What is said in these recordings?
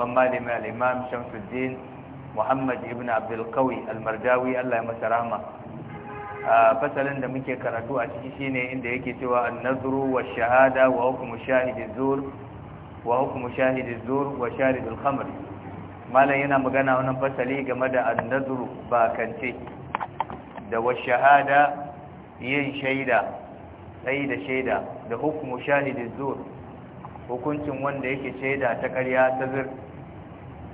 babban malami al-imam Shamsuddin Muhammad ibn Abdul Qawi al Allah ya masa rahma fasalin da muke karatu a ciki shine inda yake cewa an-nazru wash-shahada wa hukmu shahid az-zur wa hukmu shahid az-zur wa shahid al-khamr malam yana magana wannan fasali game da an-nazru kance da wa shahada yin shaida sai da shaida da hukmu shahid az-zur hukuncin wanda yake shaida ta ƙarya ta zir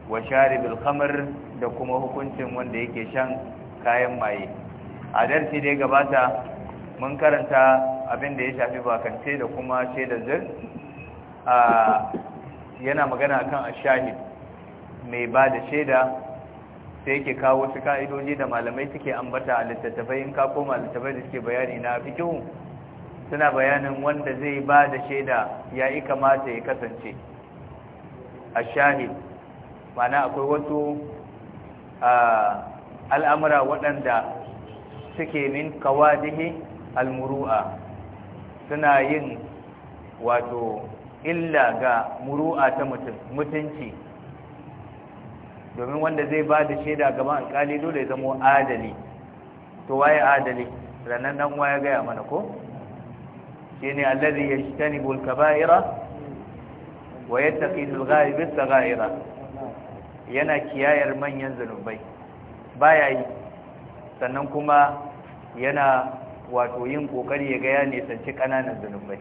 wa sharibil khamr da kuma hukuncin wanda yake shan kayan maye a darsi dai gabata mun karanta abin da ya shafi bakance da kuma shaidar a yana magana kan ashahid mai ba da shaida sai yake kawo su ka'idoji da malamai suke ambata a littattafai in ka koma littattafai da suke bayani na fikihu suna bayanin wanda zai ba da shaida ya yi kamata ya kasance shahid mana akwai wasu al'amura waɗanda suke min kawadihi al-muru'a suna yin wato illa ga muru'a ta mutunci domin wanda zai ba da shaida gaban alkali dole ya zama adali to waye adali ranar dan waya gaya mana ko shi ne allazi yajtanibu kabaira wa yattaqi al-ghaibi al-saghaira yana kiyayar manyan zanubai baya yi sannan kuma yana wato yin kokari ya gaya ya nisanci kananan zanubai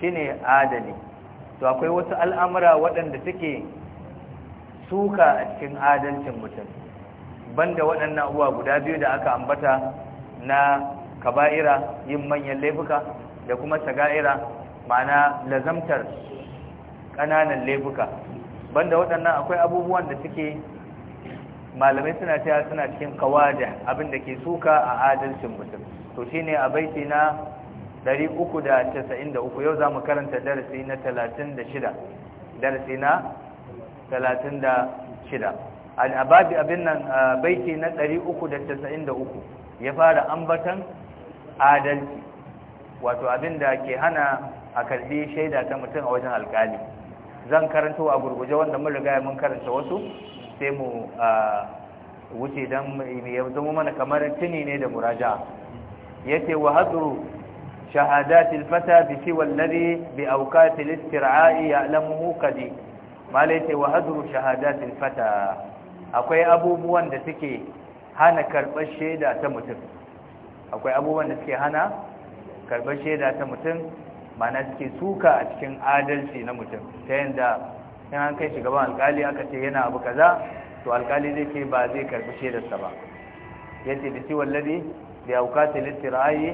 shine adali to akwai wasu al'amura waɗanda suke suka a cikin adalcin mutum banda waɗannan uwa guda biyu da aka ambata na kaba'ira yin manyan laifuka da kuma saga'ira ma'ana lazamtar ƙananan laifuka banda waɗannan akwai abubuwan da suke malamai suna cewa suna cikin kawada abin da ke suka a adalcin mutum to shine a baiti na 393 yau za mu karanta darasi na 36 darasi na 36 al-ababi abin nan baiti na 393 ya fara ambatan adalci wato abin da ke hana a karbi shaida ta mutum a wajen alkali zan karanta a gurguje wanda mun riga mun karanta wasu sai mu wuce dan ya zama mana kamar tuni ne da muraja yace wa hadru shahadatil fata bi siwa alladhi bi awqat al-istir'a'i ya'lamuhu qadi malai ce wa hadru shahadatil fata akwai abubuwan da suke hana karbar sheda ta mutum akwai abubuwan da suke hana karbar shaida ta mutum mana suke suka a cikin adalci na mutum ta yadda in an kai shugaban alkali aka ce yana abu kaza to alkali zai ce ba zai karbi shedarsa ba ce da ciwon ladi da ya wukata littirayi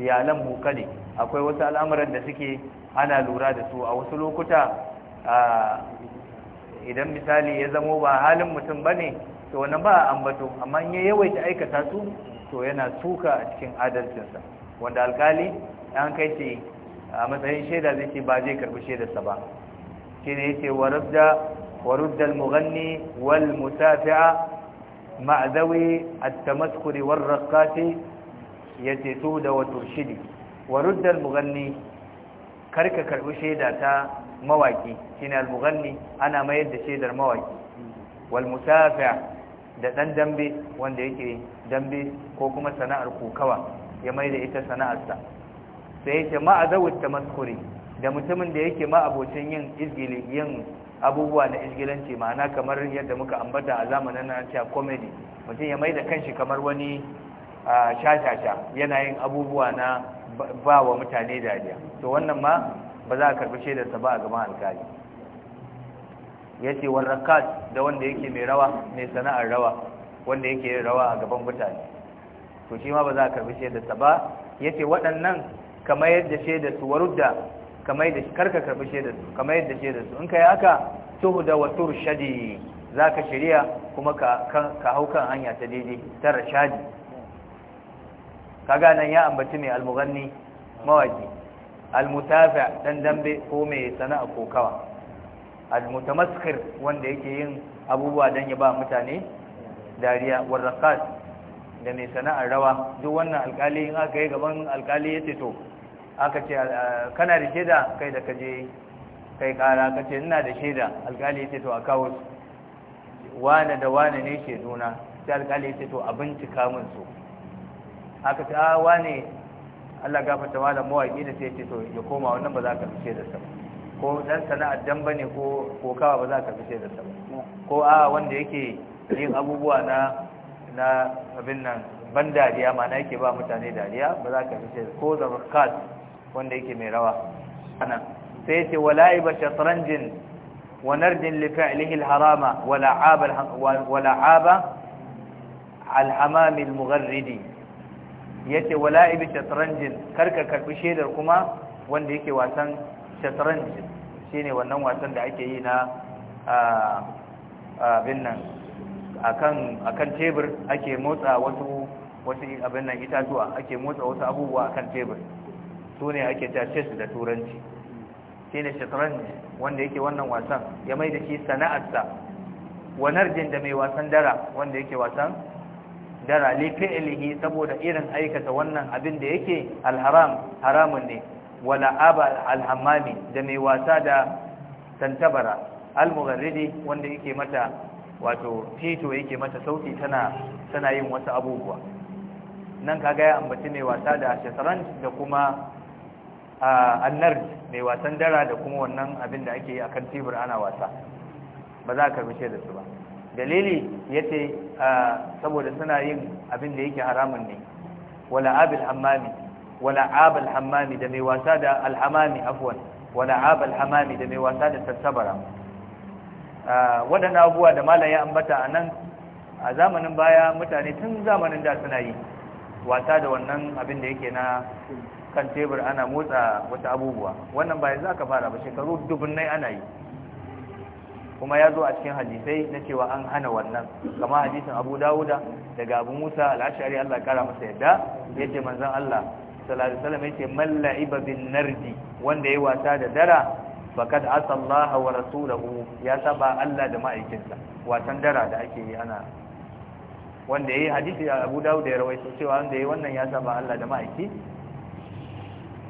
iyalan hukali akwai wasu al'amuran da suke ana lura da su a wasu lokuta idan misali ya zamo ba halin mutum ba ne to wannan ba a ambato amma ya yawaita aikata su to yana suka a cikin adalcinsa wanda alkali an kai shi a matsayin shaida zai ce ba zai karbi shaidarsa ba shi ne yake warudda wa al-mughanni wal musafi'a? ma'a at-tamaskuri war raqati yace su da wa turshidi warudda mughanni karka karbi shaida ta mawaki ne al-mughanni ana mayar da shaidar mawaki wal musafi'a da dan dambe wanda yake dambe ko kuma sana'ar kokawa ya mai da ita sana'arsa sai yake ta tamaskuri da mutumin da yake ma abocin yin izgili yin abubuwa na izgilanci ma'ana kamar yadda muka ambata a zamanin na cewa comedy mutum ya maida kanshi kamar wani shashasha yana yin abubuwa na ba wa mutane dariya to wannan ma ba za a karbi shaidarsa ba a gaban alkali ce warrakat da wanda yake mai rawa mai sana'ar rawa wanda yake yin rawa a gaban mutane to shi ma ba za a karbi shaidarsa ba ya ce waɗannan kamar yadda da su warudda kamar yadda karka karbi da su kamar yadda da su in kai haka watur shadi za ka shirya kuma ka ka hau kan hanya ta daidai ta rashadi kaga nan ya ambaci mai almughanni mawaki almutafi dan dambe ko mai sana'a ko kawa almutamaskir wanda yake yin abubuwa dan ya ba mutane dariya warraqat da mai sana'ar rawa duk wannan alkali in aka yi gaban alkali ya ce to aka ce kana da shaida kai da kaje kai kara ka ce ina da shaida alkali ya ce to a kawo su wane da wane ne shaiduna sai alkali ya ce to a bincika min su aka ce a wane Allah gafarta malam mawaki da sai ya ce to ya koma wannan ba za ka fi shaida sa ko dan sana'ar dan bane ko kawa ba za ka fi shaida sa ko a wanda yake yin abubuwa na na abin nan ban dariya ma'ana yake ba mutane dariya ba za ka fice ko zarkat wanda yake mai rawa ana sai yace wala'i ba shatranjin wa nardin li fi'lihi al-harama wala aba wala aba al-hamam al-mugharridi yace wala'i shatranjin karka karbi shedar kuma wanda yake wasan shatranjin shine wannan wasan da ake yi na ah, ah, abin nan a kan tebur ake motsa wasu wasu abin nan itatuwa ake motsa wasu abubuwa a kan tebur su ne ake ta chess da turanci shi ne shatranj wanda yake wannan wasan ya mai da shi sana'arsa narjin da mai wasan dara wanda yake wasan dara lifi'ilihi saboda irin aikata wannan abin da yake alharam haramun ne wala aba alhammami da mai wasa da tantabara almugarridi wanda yake mata wato feto yake mata sauti tana tana yin wasu abubuwa nan kaga ya ambaci mai wasa da shataran da kuma annar mai wasan dara da kuma wannan abin da ake yi a kan tibir ana wasa ba za ka rubuce da su ba dalili ya ce saboda suna yin abin da yake haramun ne wala abin hammami wala abin hammami da mai wasa da alhamami afwan wala abin hammami da mai wasa da tattabara waɗannan abubuwa da malam ya ambata a nan a zamanin baya mutane tun zamanin da suna yi wata da wannan abin da yake na kan tebur ana motsa wata abubuwa wannan bayan yanzu ka fara ba shekaru nai ana yi kuma ya zo a cikin hadisai na cewa an hana wannan kama hadisin abu dawuda daga abu musa al'ashari allah kara masa yadda ya ce manzan allah salari salam ya ce malla'iba bin nardi wanda ya yi wasa da dara faqad asa Allah wa rasulahu ya saba Allah da ma'aikinsa watan dara da ake yi ana wanda yayi hadisi Abu Dawud ya rawaito cewa wanda yayi wannan ya saba Allah da ma'aiki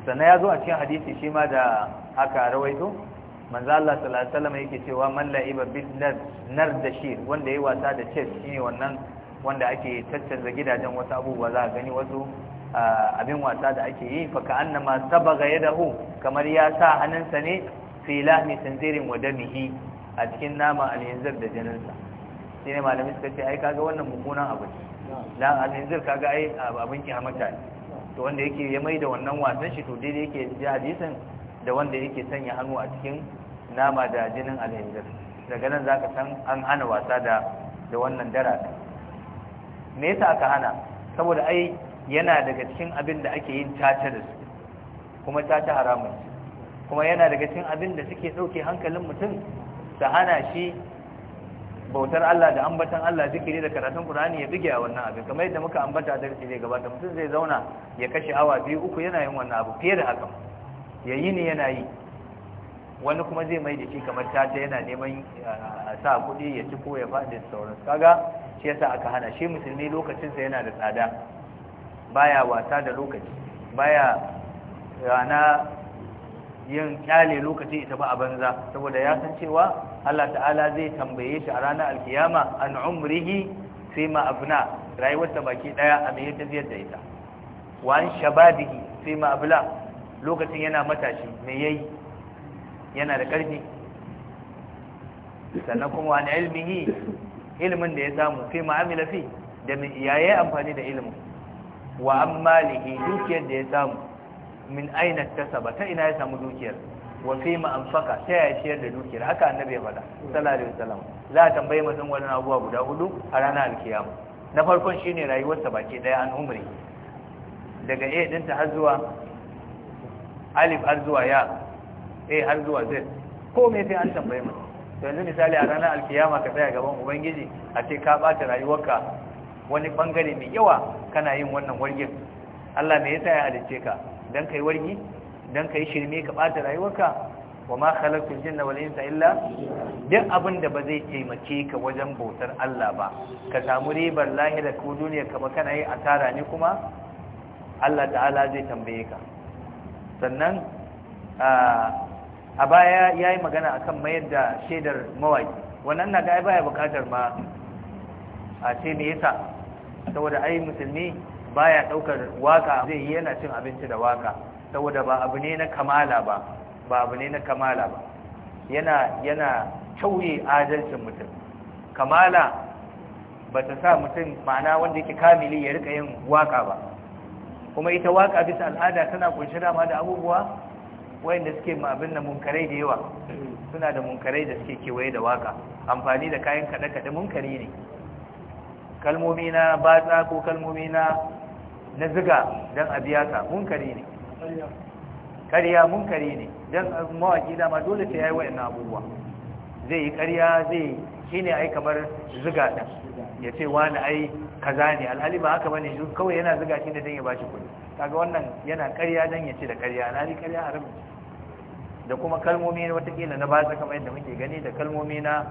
sannan ya zo a cikin hadisi shi ma da aka rawaito manzo Allah sallallahu alaihi wasallam yake cewa man la'iba bil nardashir wanda yayi wasa da chess shine wannan wanda ake tattanza gidajen wasu abubuwa za a gani wasu abin wasa da ake yi fa ka annama sabaga yadahu kamar ya sa hannunsa ne fi lahmi tanzirin wa damihi a cikin nama al-hinzir da jininsa shine malamin suka ce ai kaga wannan mummunan abu na al-hinzir kaga ai abin hamata ne to wanda yake ya maida wannan wasan shi to daidai yake ji hadisin da wanda yake sanya hannu a cikin nama da jinin al-hinzir daga nan zaka san an hana wasa da da wannan dara me yasa aka hana saboda ai yana daga cikin abin da ake yin tata da su kuma tata haramun kuma yana daga cikin abin da suke ɗauke hankalin mutum da hana shi bautar Allah da ambatan Allah zikiri da karatun Qur'ani ya bige a wannan abin kamar yadda muka ambata da rike zai gabata mutum zai zauna ya kashe awa biyu uku yana yin wannan abu fiye da haka ya yi ne yana yi wani kuma zai mai da shi kamar tata yana neman eh, sa kuɗi ya ci ko ya faɗi da sauran kaga shi yasa aka hana shi musulmi lokacinsa yana da tsada baya wasa da lokaci baya rana eh, yin kyale lokaci ita ba a banza saboda ya san cewa Allah ta'ala zai tambaye shi a ranar alkiyama an umrihi sai ma abna rayuwarsa baki daya a mai yadda ziyarta ita wa an shabadihi sai ma abla lokacin yana matashi me yayi yana da karfi sannan kuma wa ilmihi ilmin da ya samu sai ma amila fi da iyaye amfani da ilmin wa an malihi dukiyar da ya samu min aina tasaba ta ina ya samu dukiyar wa fi ma anfaka ta ya ciyar da dukiyar haka annabi ya faɗa sallallahu alaihi wasallam za a tambaye mutum wani abuwa guda hudu a ranar alkiyama na farkon shine rayuwarsa baki daya an umri daga a ta har zuwa alif har zuwa ya a har zuwa z ko me sai an tambaye mutum to yanzu misali a ranar alkiyama ka tsaya gaban ubangiji a ce ka bata rayuwarka wani bangare mai yawa kana yin wannan wargin Allah me yasa ya halicce ka dan kai wargi dan kai shirme ka bata rayuwarka wa ma khalaqtul jinna wal insa illa duk abin da ba zai taimake ka wajen bautar Allah ba ka samu ribar lahira ko duniya ka ba kana yi asara ne kuma Allah ta'ala zai tambaye ka sannan a baya yayi magana akan mayar da shedar mawaki wannan na ga baya bukatar ma a ce me yasa saboda ai musulmi baya daukar waka zai yi yana cin abinci da waka saboda ba abu ne na kamala ba ba abu ne na kamala ba yana yana tauye adalcin mutum kamala ba ta sa mutum ma'ana wanda yake kamili ya rika yin waka ba kuma ita waka bisa al'ada tana kunshi dama da abubuwa wayanda suke ma abin nan munkarai da yawa suna da munkarai da suke kewaye da waka amfani da kayan kaɗe-kaɗe munkari ne kalmomi na batsa ko kalmomi na na ziga don a biya ta munkari ne ƙarya munkari ne don mawaƙi dama dole sai ya yi wa'in abubuwa zai yi ƙarya zai shi ne ai kamar ziga ɗan ya ce wani ai kaza ne alhali ba haka bane shi kawai yana ziga shi ne don ya bashi kuɗi kaga wannan yana ƙarya don ya ce da ƙarya alhali ƙarya haram da kuma kalmomi na watakila na batsa kamar yadda muke gani da kalmomi na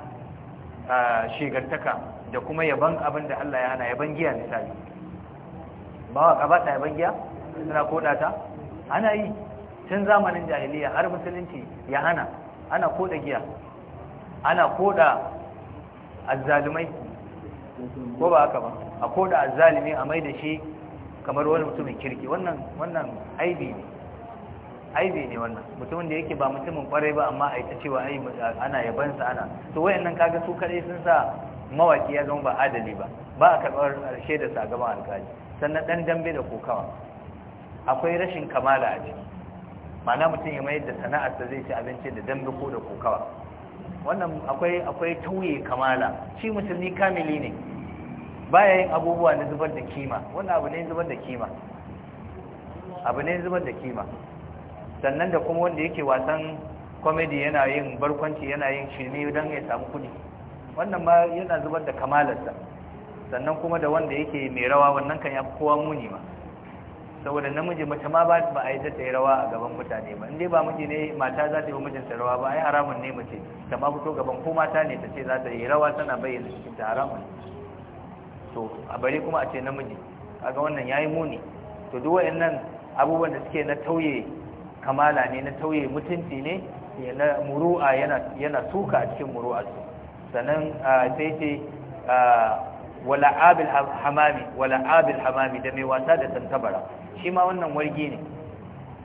ah, shigartaka da kuma yaban abin da Allah ya hana yaban giya misali ba ka ba ɗaya giya suna koda ta ana yi tun zamanin jahiliya har musulunci ya hana ana koda giya ana koda azzalumai ko ba haka ba a koda azalimai a mai da shi kamar wani mutumin kirki wannan wannan aibi ne aibi ne wannan mutumin da yake ba mutumin kwarai ba amma aita ta cewa ai ana yabansa ana to wayannan kaga su kadai sun sa mawaki ya zama ba adali ba ba a karɓar shaida sa gaban alƙali sannan ɗan dambe da kokawa akwai rashin kamala a ciki mana mutum ya mayar da sana'ar da zai ci abinci da dambe ko da kokawa wannan akwai akwai tauye kamala shi musulmi kamili ne baya yin abubuwa na zubar da kima wannan abu ne zubar da kima abu ne zubar da kima sannan da kuma wanda yake wasan comedy yana yin barkwanci yana yin shirme don ya samu kudi wannan ma yana zubar da kamalarsa sannan kuma da wanda yake mai rawa wannan kan ya kowa muni ma saboda namiji mace ma ba a yi ta yi rawa a gaban mutane ba inda ba miji ne mata za ta yi mijin ta rawa ba ai haramun ne mace ta ma fito gaban ko mata ne ta ce za ta yi rawa tana bayyana cikin ta haramun to a bari kuma a ce namiji kaga wannan yayi muni to duk wayannan abubuwan da suke na tauye kamala ne na tauye mutunci ne na muru'a yana yana a cikin muru'a sannan sai ce wala abil hamami wala abil hamami da mai wasa da tantabara shi ma wannan wargi ne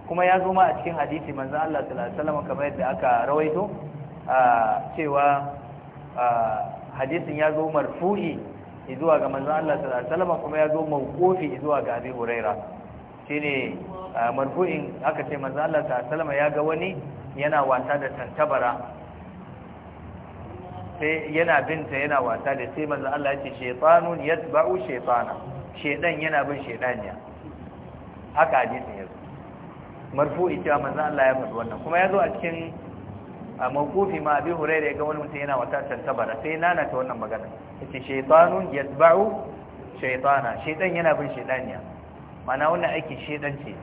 kuma ya zo ma a cikin hadisi manzon Allah sallallahu alaihi wasallam kamar yadda aka rawaito cewa hadisin ya zo marfu'i zuwa ga manzon Allah sallallahu alaihi wasallam kuma ya zo mawqufi zuwa ga Abi Huraira shine marfu'in aka ce manzon Allah sallallahu alaihi wasallam ya ga wani yana wasa da tantabara sai yana binta yana wasa da sai manzo Allah ya ce shaytanun yatba'u shaytana shedan yana bin shedaniya haka hadisin yazo marfu ita manzo Allah ya faɗi wannan kuma yazo a cikin mawqufi ma bi hurairah ga wani mutum yana wata tantabara sai nana ta wannan magana yace shaytanun yatba'u shaytana shedan yana bin shedaniya mana wannan aiki shedan ce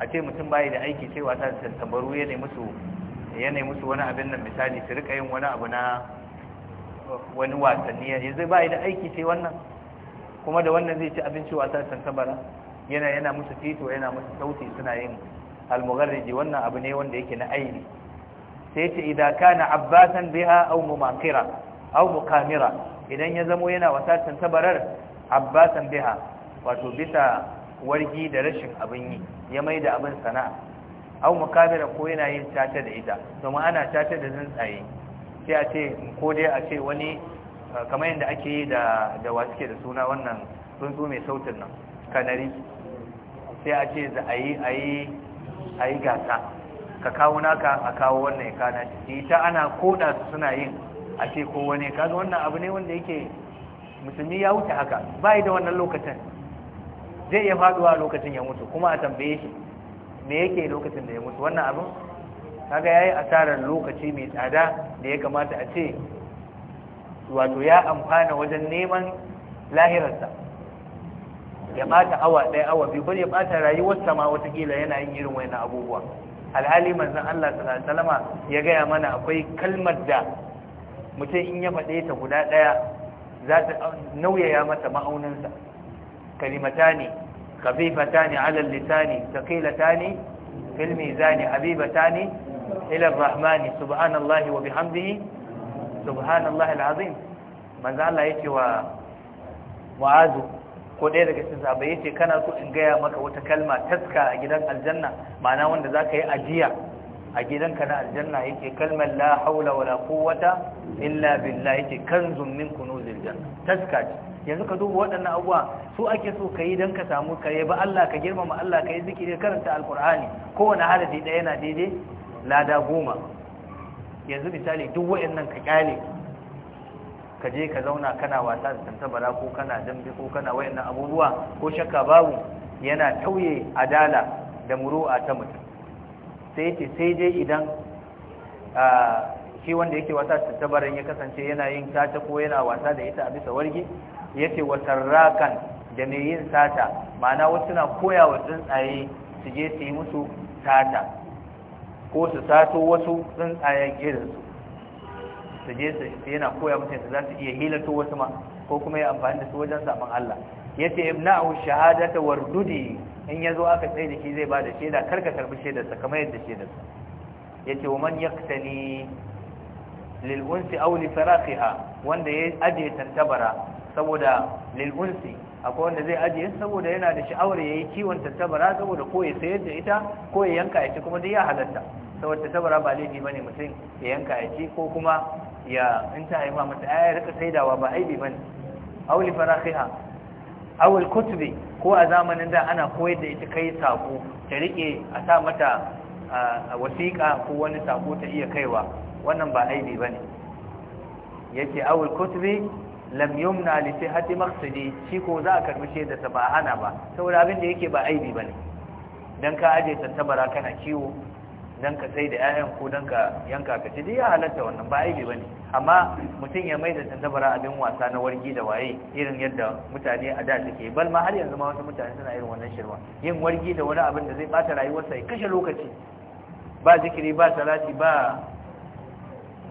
a ce mutum bai da aiki sai wata tantabaru ya nemi su. yanayi musu wani abin nan misali su rika yin wani abu na wani wasanni ya zai ba da aiki sai wannan kuma da wannan zai ci abinci wasa san kabara yana yana musu fito yana musu sauti suna yin almugharriji wannan abu ne wanda yake na aini sai ce idza kana abbasan biha aw mumakira aw muqamira idan ya zamo yana wasa san kabarar abbasan biha wato bisa wargi da rashin abin yi ya maida abin sana'a au mukabira ko yana yin tata da ita ma ana tata da tsuntsaye sai a ce ko dai a ce wani eh, kamar yadda ake yi da da wasu ke da suna wannan tsuntsu mai sautin nan kanari sai a ce za a yi a yi a yi gasa ka kawo naka a kawo wannan ya kana ita ana koda su suna yin a ce ko wani kaga wannan abu ne wanda yake musulmi ya wuce haka bai da wannan lokacin zai iya faduwa lokacin ya mutu kuma a tambaye shi me yake lokacin da ya mutu wannan abin kaga yayi asarar lokaci mai tsada da ya kamata a ce wato ya amfana wajen neman lahirarsa ya bata awa ɗaya awa biyu ba ya bata rayuwarsa ma watakila yana yin irin wani abubuwa alhali manzon Allah sallallahu alaihi wasallama ya gaya mana akwai kalmar da mutum in ya faɗe ta guda ɗaya za ta nauyaya masa ma'auninsa kalimata ne خفيفتان على اللسان ثقيلتان في الميزان حبيبتان إلى الرحمن سبحان الله وبحمده سبحان الله العظيم manzo Allah yake wa Mu'azu ko ɗaya daga cikin sahabbai yace kana so in gaya maka wata kalma taska a gidan aljanna ma'ana wanda zaka yi ajiya a gidanka na aljanna yake kalmar la haula wala quwwata illa billah yake kanzun min kunuzil janna taska ce yanzu ka duba waɗannan abuwa su ake so ka yi don ka samu ka ba Allah ka girmama Allah ka yi zikiri karanta alkur'ani kowane harafi ɗaya yana daidai lada goma yanzu misali duk waɗannan ka ƙyale ka je ka zauna kana wasa da tantabara ko kana dambe ko kana waɗannan abubuwa ko shakka babu yana tauye adala da muru'a ta mutum sai ce sai dai idan ah, shi wanda yake wasa tabarin ya kasance yana yin sata ko yana wasa da ita a bisa warge yace wasarrakan da mai yin sata ma'ana wasu na koya wa tsuntsaye su je su yi musu sata ko su sato wasu tsuntsayen irin su je su yana koya musu su za su iya hilato wasu ma ko kuma ya amfani da su wajen saman Allah yace ibna'u shahadata wardudi in yazo aka tsaye da shi zai bada shaida karka karbi shaidar sa kamar yadda shaidar sa yace wa man yaqtani Lil'unsi auli aw faraqiha wanda ya aje tantabara saboda lil'unsi akwai wanda zai aje saboda yana da sha'awar yayi kiwon tantabara saboda ko ya sayar da ita ko ya yanka ya ci kuma dai ya halatta saboda tantabara ba laifi bane mutum ya yanka ya ci ko kuma ya in ta haifa mata ya rika saidawa ba aibi bane aw li faraqiha aw al kutubi ko a zamanin da ana koyar da ita kai sako ta rike a sa mata wasiƙa ko wani sako ta iya kaiwa wannan ba aibi bane yake awul kutubi lam yumna li sihhati maqsadi shi ko za a karbi shi da ba hana ba saboda abin da yake ba aibi bane dan ka aje tantabara kana kiwo dan ka sai da 'ya'yan ko dan ka yanka ka ci ya halatta wannan ba aibi bane amma mutum ya mai da tantabara abin wasa na wargi da waye irin yadda mutane a da suke bal ma har yanzu ma wasu mutane suna irin wannan shirwa yin wargi da wani abin da zai bata rayuwarsa ya kashe lokaci ba zikiri ba salati ba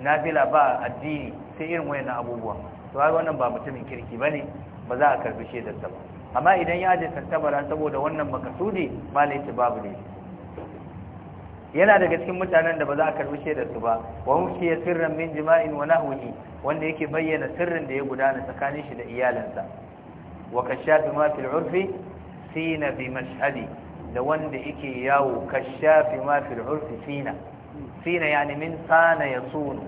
nafila ba addini sai irin wayannan abubuwa to kaga wannan ba mutumin kirki bane ba za a karbi shaidar da ba amma idan ya je tattabara saboda wannan makasudi ba laifi babu ne yana daga cikin mutanen da ba za a karbi shaidar su ba wa mukiya sirran min jima'in wa nahwihi wanda yake bayyana sirrin da ya gudana tsakanin shi da iyalansa wa kashafi ma fil urfi sina bi mashhadi da wanda yake yawo kashafi ma fil urfi sina sina yani min sana yasunu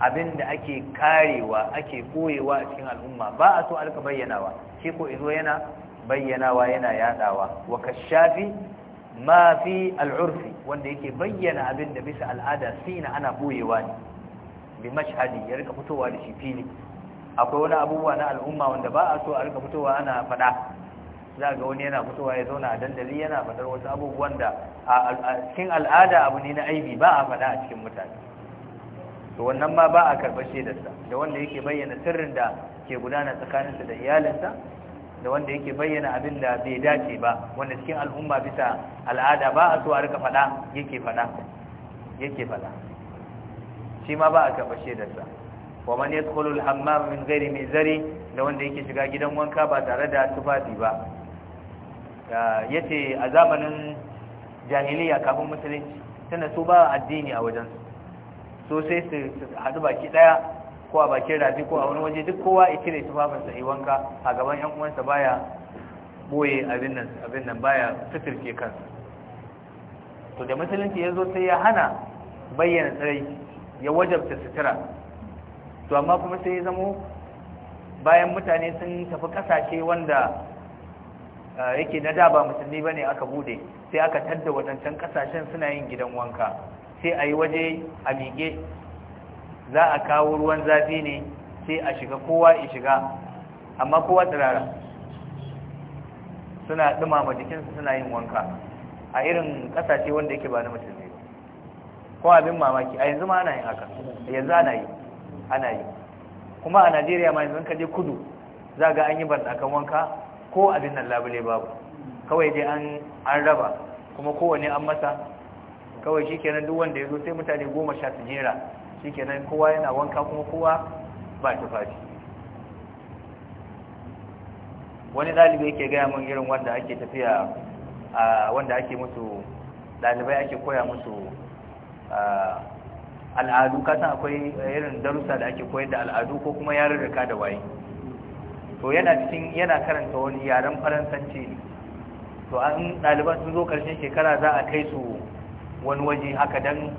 abinda ake karewa ake koyewa a cikin al'umma ba a so alka bayyanawa shi ko izo yana bayyanawa yana yadawa wa kashafi ma fi al'urfi wanda yake bayyana abinda bisa al'ada sina ana koyewa ne bi mashhadi ya rika fitowa da shi fili akwai wani abubuwa na al'umma wanda ba a so a rika fitowa ana fada za ga wani yana fitowa ya zauna a dandali yana faɗar wasu abubuwan da a cikin al'ada abu ne na aibi ba a faɗa a cikin mutane to wannan ma ba a karɓar shaidarsa da wanda yake bayyana sirrin da ke gudana tsakaninsa da iyalinsa da wanda yake bayyana abin da bai dace ba wanda cikin al'umma bisa al'ada ba a so a rika faɗa yake faɗa yake faɗa shi ma ba a karɓar shaidarsa wa man yadkhulu al-hammam min ghairi mizari da wanda yake shiga gidan wanka ba tare da tufafi ba yace a zamanin jahiliya kafin musulunci tana so ba addini a wajen so sai su haɗu baki ɗaya ko a bakin rafi ko a wani waje duk kowa ya cire tufafinsa yi wanka a gaban yan uwansa baya boye abin nan baya fitirke kansa to da musulunci ya zo sai ya hana bayyana tsirai ya wajabta sutura to amma kuma sai ya zamo bayan mutane sun tafi kasashe wanda Ah, yake na da ba musulmi ne aka bude sai aka tadda waɗancan ƙasashen suna yin gidan wanka sai a yi waje a miƙe za a kawo ruwan zafi ne sai a shiga kowa in shiga amma kowa tsirara suna ɗumama jikinsu suna yin wanka a irin ƙasashe wanda yake ba na musulmi ko abin mamaki a yanzu ma ana yin haka yanzu ana yi ana yi kuma a Najeriya ma yanzu ka je kudu za ga an yi akan wanka ko abin nan labule babu kawai dai an an raba kuma kowane an masa kawai shikenan duk wanda ya zo sai mutane goma sha su jera shikenan kowa yana wanka kuma kowa ba tufafi wani ɗalibi yake gaya min irin wanda ake tafiya a wanda ake musu dalibai ake koya musu al'adu kasan akwai irin darussa da ake koyar da al'adu ko kuma yarurruka da waye to yana cikin yana karanta wani yaren faransanci ne to an ɗaliban sun zo ƙarshen shekara za a kai su wani waje haka don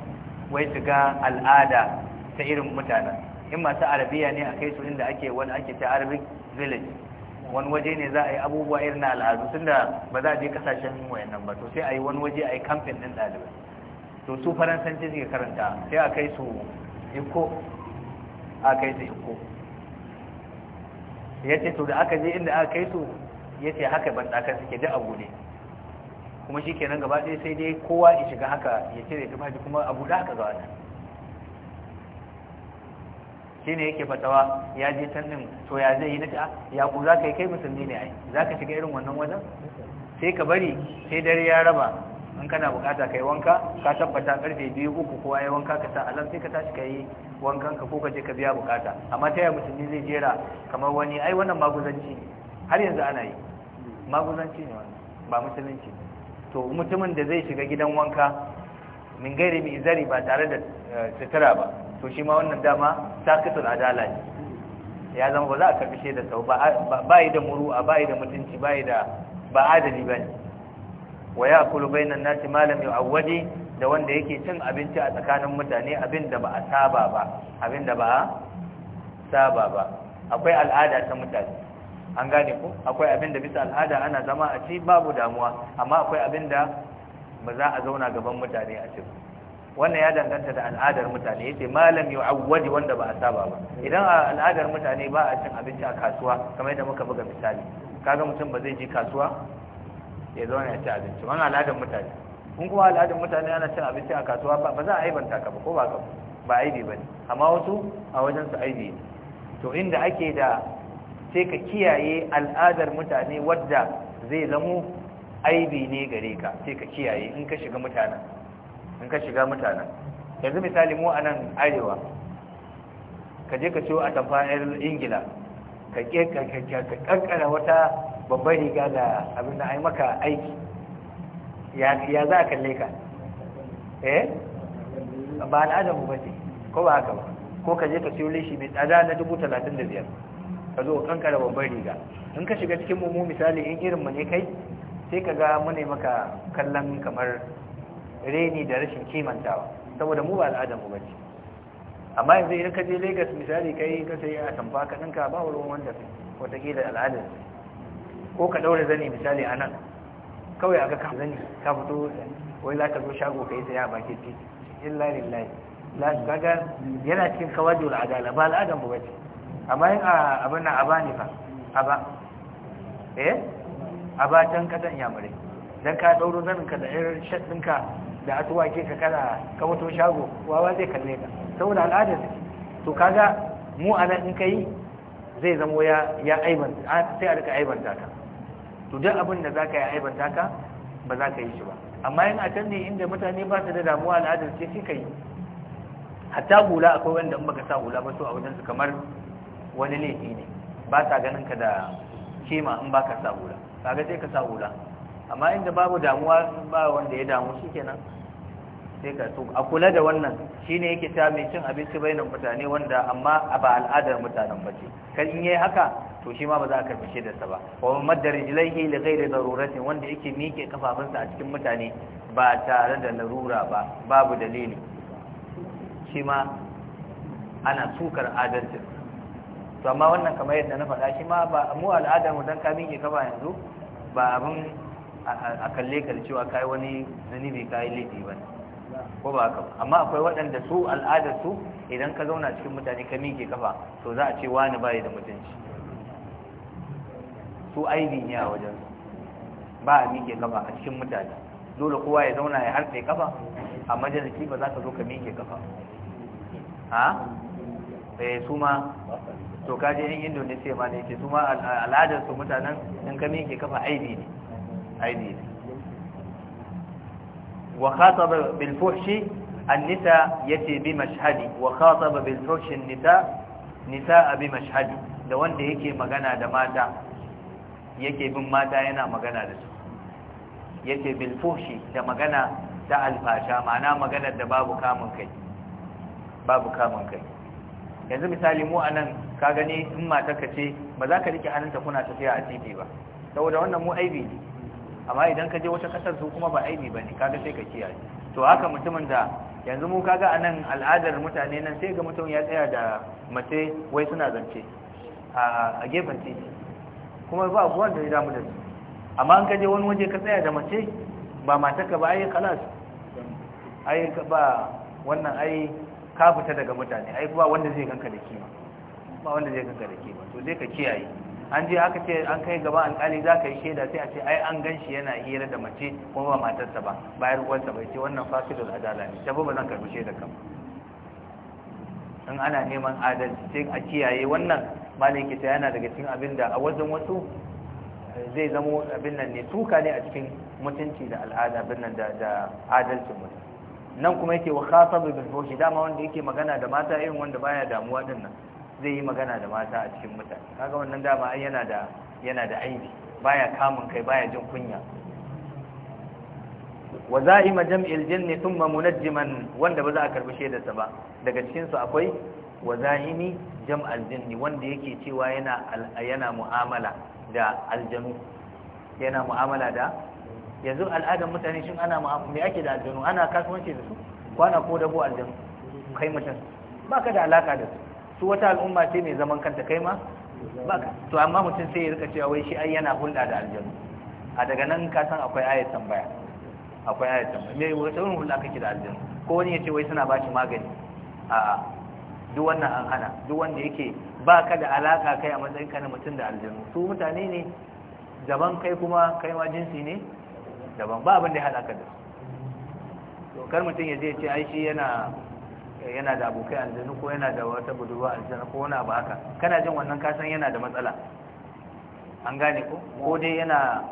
wai su ga al'ada ta irin mutane in masu arabiya ne a kai su inda ake wani ake ta arabic village wani waje ne za a yi abubuwa irin na al'adu tun da ba za a je kasashen nan ba to sai a yi wani waje a yi kamfin ɗin ɗalibai to su faransanci suke karanta sai a kai su iko a kai su iko ya ce to da aka je inda aka kai su ya ce haka ban ɗakan suke da abu ne kuma shi kenan gaba ɗaya sai dai kowa ya shiga haka ya cire tufafi kuma abu da haka gawa shi ne yake fatawa ya je can ɗin to ya zai yi na ta ah, ya ku za ka yi kai musulmi ne ai za ka shiga irin wannan wajen sai ka bari sai dare ya raba in kana bukata kai wanka ka tabbata karfe biyu uku kowa ya wanka ka sa alam sai ka tashi ka yi wankan ka ko ka je ka biya bukata amma ta yaya musulmi zai jera kamar wani ai wannan maguzanci ne har yanzu ana yi maguzanci ne wannan ba musulunci to mutumin da zai shiga gidan wanka min gairi mai zari ba tare da eh, sutura ba to shi ma wannan dama ta kasu adala ne ya zama ba za a karfi shaidar sau ba yi da muru'a ba yi da mutunci ba yi da ba adali ba ne wa kulu bainan nasi malam ya yu'awwadi da wanda yake cin abinci a tsakanin mutane abin da ba a saba ba abin da ba a saba ba akwai al'ada ta mutane an gane ku? akwai abin da bisa al'ada ana zama a ci babu damuwa amma akwai abin da ba za a zauna gaban mutane a ci wannan ya danganta da al'adar mutane yace malam yu'awwadi wanda ba a saba ba idan a al'adar mutane ba a cin abinci a kasuwa kamar yadda muka buga misali kaga mutum ba zai je kasuwa ya zo ya ci abinci wannan al'adar mutane kun kuma al'adar mutane ana cin abinci a kasuwa ba za a aibanta ka ba ko ba ka ba aibi ba ne amma wasu a wajen su aibi ne to inda ake da sai ka kiyaye al'adar mutane wadda zai zamo aibi ne gare ka sai ka kiyaye in ka shiga mutanen in ka shiga mutanen yanzu misali mu a nan arewa ka je ka ciwo a tamfa ingila ka kankara wata babbar riga da abin da maka aiki ya za a kalle ka eh ba al'adar ba ce ko ba haka ba ko ka je ka siyo lishi mai tsada na dubu talatin da biyar ka zo kankara babbar riga in ka shiga cikin mummu misali in irinmu ne kai sai ka ga mune maka kallon kamar reni da rashin kimantawa saboda mu ba al'adar mu ba amma yanzu idan ka je Lagos misali kai ka sai a tamfa ka ka ba wurin wanda watakila al'adar ko ka daure zani misali a nan kawai aka kama zani ka fito wai za ka zo shago ka yi saya a bakin titi illa lillahi la gaga yana cikin kawajul adala ba al'adar ba bace amma yin abin na aba ne fa aba eh aba can kasan yamurai don ka ɗauro zanin ka da irin shaɗinka da ke ka kana kamato shago wawa zai kalle ka saboda al'adar to kaga mu nan in yi zai zamo ya aibanta sai a rika aibanta ka to duk abin da ka yi aibanta ka ba za ka yi shi ba amma yin a can ne inda mutane ba su da damuwa al'adar ce sai ka yi hatta hula akwai wanda in baka sa hula ba so a wajen su kamar wani laifi ne ba sa ganin ka da kima in baka sa hula kaga sai ka sa hula amma inda babu damuwa ba wanda ya damu shikenan sai ka so a kula da wannan shine yake ta mai cin abinci bainan mutane wanda amma a ba al'adar mutanen bace kan in yayi haka to shi ma ba za a karbi da sa ba wa madar jilaihi li ghairi darurati wanda yake mike kafafunsa a cikin mutane ba tare da larura ba babu dalili shi ma ana sukar adalci to amma wannan kamar yadda na faɗa shi ma ba mu al'adar mu dan ka mike kafa yanzu ba abin a kalle ka cewa kai wani zunubi kai laifi ba ko ba haka amma akwai waɗanda su al'adar su idan ka zauna cikin mutane ka miƙe kafa to za a ce wani bai da mutunci su aibi ne a wajen ba a miƙe kafa a cikin mutane dole kowa ya zauna ya harfe kafa a majalisi ba za ka zo ka miƙe kafa ha eh su ma to kaje yan Indonesia ma ne ke su ma al'adar su mutanen in ka miƙe kafa aibi ne ainihi wa khataba bil fuhshi an-nisa yati bi mashhadi wa khataba bil fuhshi an-nisa nisa bi mashhadi da wanda yake magana da mata yake bin mata yana magana da su yake bil fuhshi da magana ta alfasha ma'ana magana da babu kamun kai babu kamun kai yanzu misali mu anan ka gani in matarka ce ba za ka rike hannunta kuna tafiya a titi ba saboda wannan mu aibi ne amma idan ka je wata kasar su kuma ba aibi ba ne kaga sai ka kiyaye to haka mutumin da yanzu mu kaga a nan al'adar mutane nan sai ga mutum ya tsaya da mace wai suna zance a gefen titi kuma ba abuwan da ya damu da su amma an kaje wani waje ka tsaya da mace ba ka ba ai kalas ai ba wannan ai ka fita daga mutane ai ba wanda zai ganka da kima ba wanda zai ganka da kima to dai ka kiyaye an je aka ce an kai gaba alƙali za ka yi shaida sai a ce ai an gan shi yana hira da mace kuma ba matarsa ba bayar ruwansa bai ce wannan fasidul adala ne tafi ba zan karbi shaida ka in ana neman adalci sai a kiyaye wannan maliki ta yana daga cikin abin da a wajen wasu eh, zai zamo abin nan ne tuka ne a cikin mutunci da al'ada abin nan da adalcin mutum nan kuma yake wa khatabu bil fushi dama wanda yake magana da mata irin wanda baya damuwa din zai yi magana da mata a cikin mutane kaga wannan dama ai yana da yana da aibi baya kamun kai baya jin kunya wa za'ima jam'il jinni thumma munajjiman wanda ba za a karbi shaidarsa ba daga cikin su akwai wa za'imi jam'al janni wanda yake cewa yana yana mu'amala da aljanu yana mu'amala da yanzu al'adan mutane shin ana me ake da aljanu ana kasuwanci da su ko ana ko dabo aljanu kai mutum baka da alaka da su su wata al'umma ce mai zaman kanta kai ma baka to amma mutum sai ya rika cewa wai shi ai yana hulɗa da aljanu a daga nan ka san akwai ayat tambaya akwai ayat tambaya me wata irin hulɗa kake da aljanu ko wani ya ce wai suna bashi magani a duk wannan an hana duk wanda yake baka da alaka kai a matsayin ka na mutum da aljanu su mutane ne daban kai kuma kai ma jinsi ne daban ba abin da ya haɗa ka da su kar mutum ya je ce ai shi yana yana da abokai aljanu ko yana da wata budurwa aljanu ko wani abu haka kana jin wannan kasan yana da matsala an gane ko ko dai yana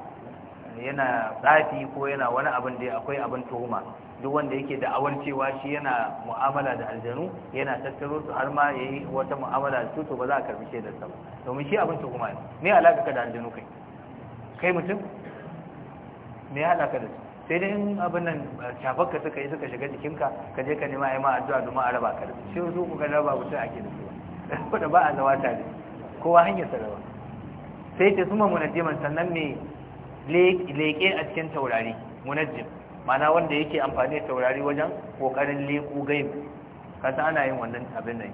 yana tsafi ko yana wani abin da akwai abin tuhuma duk wanda yake da cewa shi yana mu'amala da aljanu yana tattaro su har ma yayi wata mu'amala da su to ba za a karbi shaidar sa ba domin shi abin tuhuma ne me alaka ka da aljanu kai kai mutum me alaka da su sai dai in abin nan ka suka yi suka shiga jikinka ka je ka nema a yi ma addu'a domin a raba ka da shi su ku raba ba mutum ake da su ba da ba a zawa tare kowa hanyar sa rawa sai ta suma munajjiman sannan mai leƙe a cikin taurari munajjim mana wanda yake amfani da taurari wajen kokarin leƙo gaib san ana yin wannan abin nan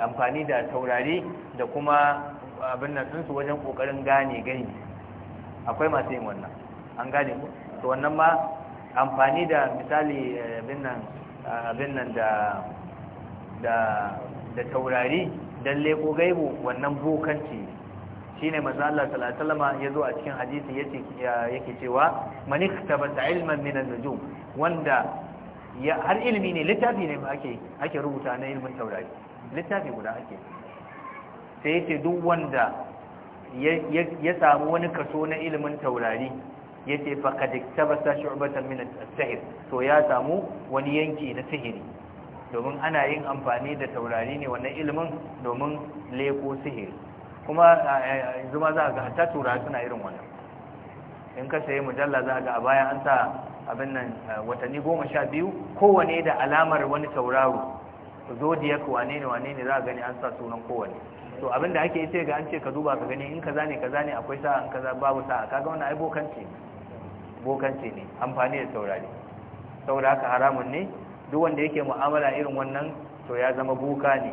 amfani da taurari da kuma abin nan sun su wajen kokarin gane gani akwai masu yin wannan an gane ku to wannan ma amfani da misali eh, abin nan da da taurari dan leko gaibu wannan bokanci shine manzo Allah sallallahu alaihi wasallam yazo a cikin hadisi yace yake cewa man iktaba ilman min an-nujum wanda ya har ilmi ne littafi ne ake ake rubuta na ilmin taurari littafi guda ake sai yace duk wanda ya samu wani kaso na ilmin taurari yace faqad iktabasa shu'batan min as-sihr to ya samu wani yanki na sihiri domin ana yin amfani da taurari ne wannan ilimin domin leko sihiri kuma yanzu ma za ga hatta turari suna irin wannan in ka sayi mujalla za ga a baya an sa abin nan watanni goma sha biyu kowane da alamar wani tauraro zodiac wane ne wane ne za a gani an sa sunan kowane to abin da ake sai ga an ce ka duba ka gani in kaza ne kaza ne akwai sa an kaza babu sa kaga wannan ai bokanci bokanci ne amfani da saurari saboda haka haramun ne duk wanda yake mu'amala irin wannan to ya zama boka ne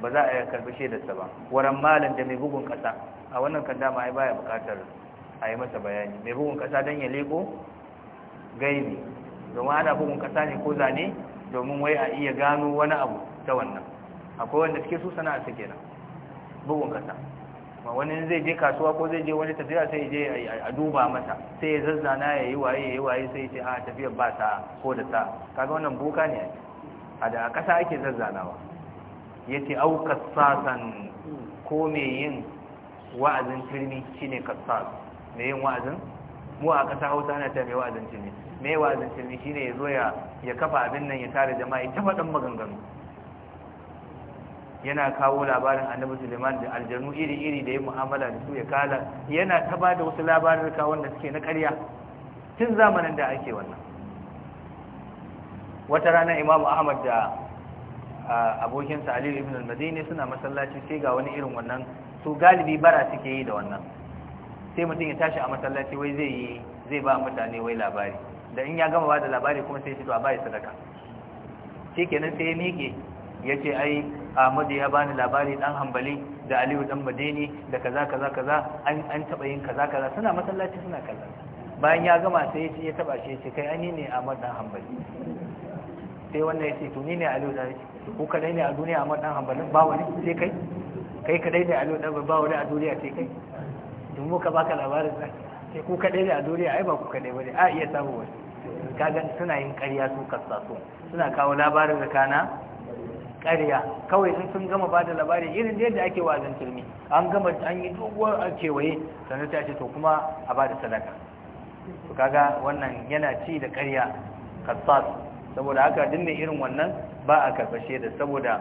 ba za a yi karbi shaidarsa ba waran malam da mai bugun kasa a wannan kan dama ai baya bukatar a yi masa bayani mai bugun kasa don ya leko gaibi domin ana bugun kasa ne ko zane domin wai a iya gano wani abu ta wannan akwai wanda suke su sana'a su kenan bugun kasa ba wani zai je kasuwa ko zai je wani tafiya sai je a duba masa sai ya zazzana ya yi waye ya yi waye sai ce a ah, tafiyar ba ta ko da ta kaga wannan boka ne a da kasa ake zazzanawa ya ce au kasasan ko mai yin wa'azin turmi shine kasas Me yin wa'azin mu a kasa hausa ana ta mai wa'azin turmi me wa'azin turmi shine ya zo ya kafa abin nan ya tare jama'a ya tafa faɗin maganganu yana kawo labarin annabi Suleiman da aljanu iri-iri da ya mu'amala da su ya kala yana ta ba da wasu labarurka wanda suke na ƙarya tun zamanin da ake wannan wata rana Imam Ahmad da abokinsa Ali ibn al-Madini suna masallaci sai ga wani irin wannan su galibi bara suke yi da wannan sai mutum ya tashi a masallaci wai zai yi zai ba mutane wai labari da in ya gama ba da labari kuma sai shi to a bai sadaka shikenan sai ya miƙe ya ce ai ahmadu ya bani labari dan Hanbali da Aliyu dan Madini da kaza kaza kaza an an taba yin kaza kaza suna masallaci suna kallon bayan ya gama sai ya ya taba shi yace kai ani ne ahmadu dan Hanbali sai wannan yace to ni ne Aliyu dan ku kadai ne a duniya ahmadu dan Hanbali ba wani sai kai kai kadai ne Aliyu dan ba wani a duniya sai kai in muka baka labarin sai ku kadai ne a duniya ai ba ku kadai bane a iya samu wani kaga suna yin ƙarya su kasasu suna kawo labarin da kana ƙarya kawai in sun gama ba da labari irin da yadda ake wa'azin turmi an gama an yi doguwar a kewaye sannan ta ce to kuma a ba da sadaka to kaga wannan yana ci da ƙarya kassas saboda haka duk mai irin wannan ba a karfashe da saboda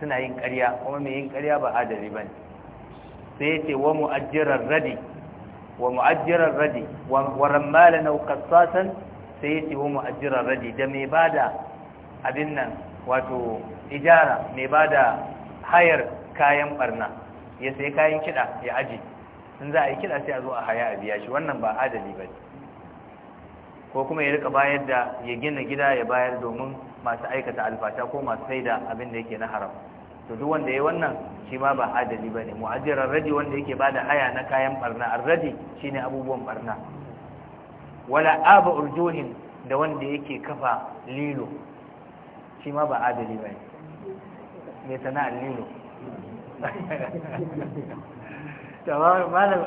suna yin ƙarya kuma mai yin ƙarya ba adali ba ne sai ya ce wa mu'ajjirar radi wa mu'ajjirar radi wa rammala na kassasan sai ya ce wa mu'ajjirar radi da mai bada abin nan wato ijara mai ba da hayar kayan barna ya sai kayan kiɗa ya aji in za a yi kiɗa sai a zo a haya a biya shi wannan ba adali ba ko kuma ya rika bayar da ya gina gida ya bayar domin masu aikata alfata ko masu sai da abin da yake na haram to duk wanda ya yi wannan shi ma ba adali ba ne mu'ajirar radi wanda yake ba da haya na kayan barna arradi shi ne abubuwan barna wala aba urjuhin da wanda yake kafa lilo shi ma ba adali ba ne mai sana'ar lilo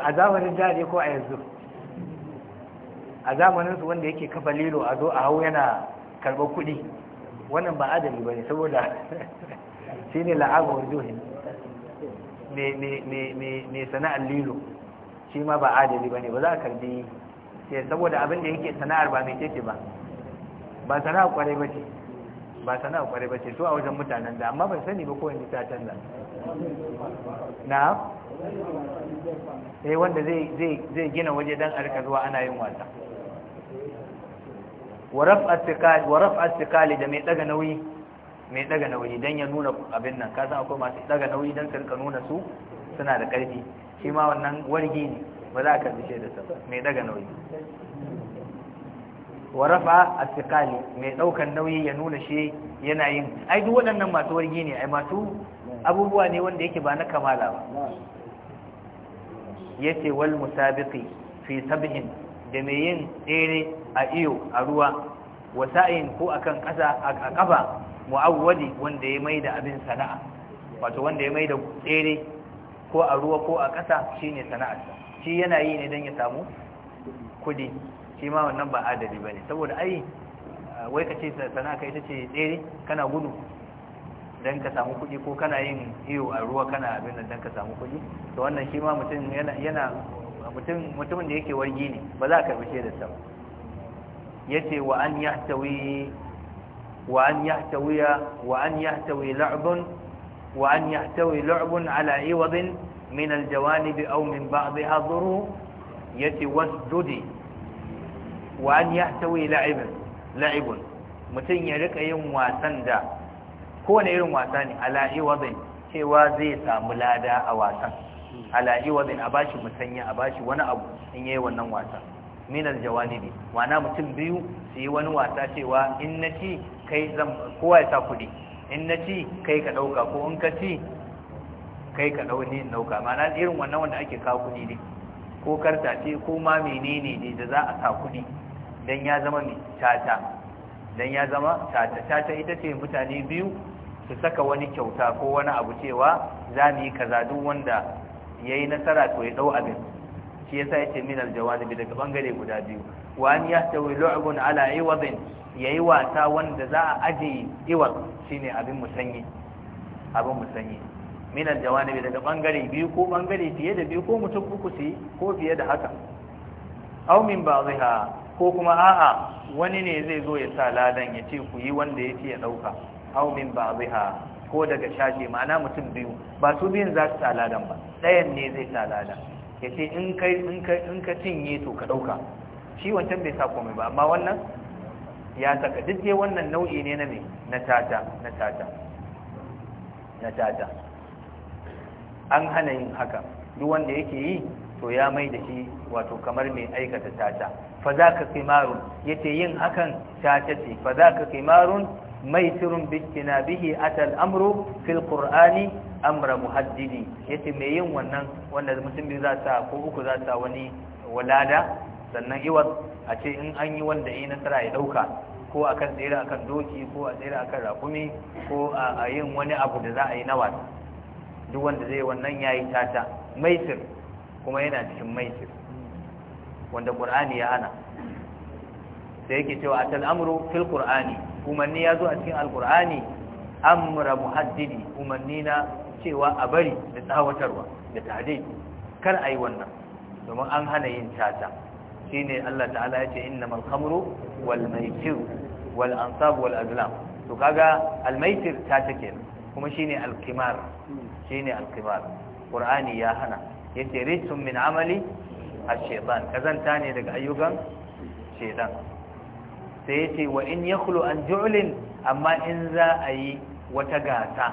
a zamanin jari ko a yanzu a su wanda yake kafa lilo a zo a hau yana karɓar kuɗi wannan ba adali ba ne saboda shi ne la'agawar juhin mai sana'ar lilo shi ma ba adali ba ne ba za a karbi yi, saboda abin da yake sana'ar ba mai ce ba ba sana'ar kwarai ba ce ba sana kware ba ce to a wajen mutanen da amma ban sani ba ko wani ta na eh wanda zai gina waje dan arka zuwa ana yin wasa waraf astikali da mai daga nauyi mai daga nauyi don ya nuna abin nan kasan akwai masu daga nauyi don rika nuna su suna da karfi shi ma wannan wargi ne ba za a karbi da su mai daga nauyi wa rafa asiqali mai daukan nauyi ya nuna shi yana yin ai duk waɗannan masu wargi ne ai masu abubuwa ne wanda yake ba na kamala ba yace wal musabiqi fi sabhin da mai yin tsere a iyo a ruwa wasa'in ko akan kasa a kafa mu'awwadi wanda ya maida abin sana'a wato wanda ya maida tsere ko a ruwa ko a kasa shine sana'a shi yana yi ne don ya samu kudi shi ma wannan ba adali ne saboda ai wai ka ce sana ka ita ce tsere kana gudu dan ka samu kuɗi ko kana yin iyo a ruwa kana abin nan dan ka samu kuɗi to wannan shi ma mutum yana yana mutum mutumin da yake wargi ne ba za ka karbi shi da sa yace wa an yahtawi wa an yahtawiya wa an yahtawi la'bun wa an yahtawi la'bun ala iwadin min aljawanib aw min ba'dha dhuru yace wasjudi wa an yahtawi la'ibun la'ibun mutum ya rika yin wasan da kowane irin wasa ne ala iwadin cewa zai samu lada a wasan ala iwadin a bashi musanya a bashi wani abu in yayi wannan wasan minal jawanibi wana mutum biyu su yi wani wasa cewa in na ci kai zan kowa ya sa kuɗi in na ci kai ka ɗauka ko in ka ci kai ka ɗau ni ɗauka mana irin wannan wanda ake kawo kuɗi ne ko karta ce ko ma menene ne da za a sa kuɗi dan ya zama mai tata dan ya zama tata tata ita ce mutane biyu su saka wani kyauta ko wani abu cewa za mu yi kaza duk wanda ya yi nasara to ya dau abin shi yasa minar min bi daga bangare guda biyu wa an yahtawi lu'bun ala iwadin yayi wasa wanda za a aje iwad shine abin musanyi abin musanyi min bi daga bangare biyu ko bangare fiye da biyu ko mutum uku su ko fiye da haka aw min ba'dha ko kuma a'a wani ne zai zo ya sa ladan ya ce ku yi wanda ya ce ya ɗauka hau min ba biha ko daga shashe ma'ana mutum biyu ba su biyun za su sa ladan ba ɗayan ne zai sa ladan ya ce in ka cinye to ka ɗauka shi wancan bai sa komai ba amma wannan ya saka duk dai wannan nau'i ne na me na tata na tata na tata an hana yin haka duk wanda yake yi to ya mai da shi wato kamar mai aikata tata fa za ka kimarun ya ce yin hakan ta ce fa za ka kimarun mai turun bikina bihi atal amru fil qur'ani amra muhaddidi ya ce mai yin wannan wanda mutum biyu za ta ko uku za ta wani walada sannan iwar a ce in an yi wanda ya yi nasara ya ɗauka ko a kan tsere a kan doki ko a tsere a kan rakumi ko a yin wani abu da za a yi na duk wanda zai wannan ya yi tata maitir kuma yana cikin maitir wanda qur'ani ya hana sai yake cewa atal amru fil qur'ani umanni yazo a cikin al-Qur'ani amra muhaddidi umanni na cewa a bari da tsawatarwa da tade kar ayi wannan domin an hana yin tata shine Allah ta'ala ya ce innamal khamru wal maisir wal ansab wal azlam to kaga al maisir tata kuma shine al kimar shine al kimar qur'ani ya hana yace rijsun min amali ash-shaytan kazanta ne daga ayyukan shaytan sai yace wa in yakhlu an ju'lin amma in za a yi wata gasa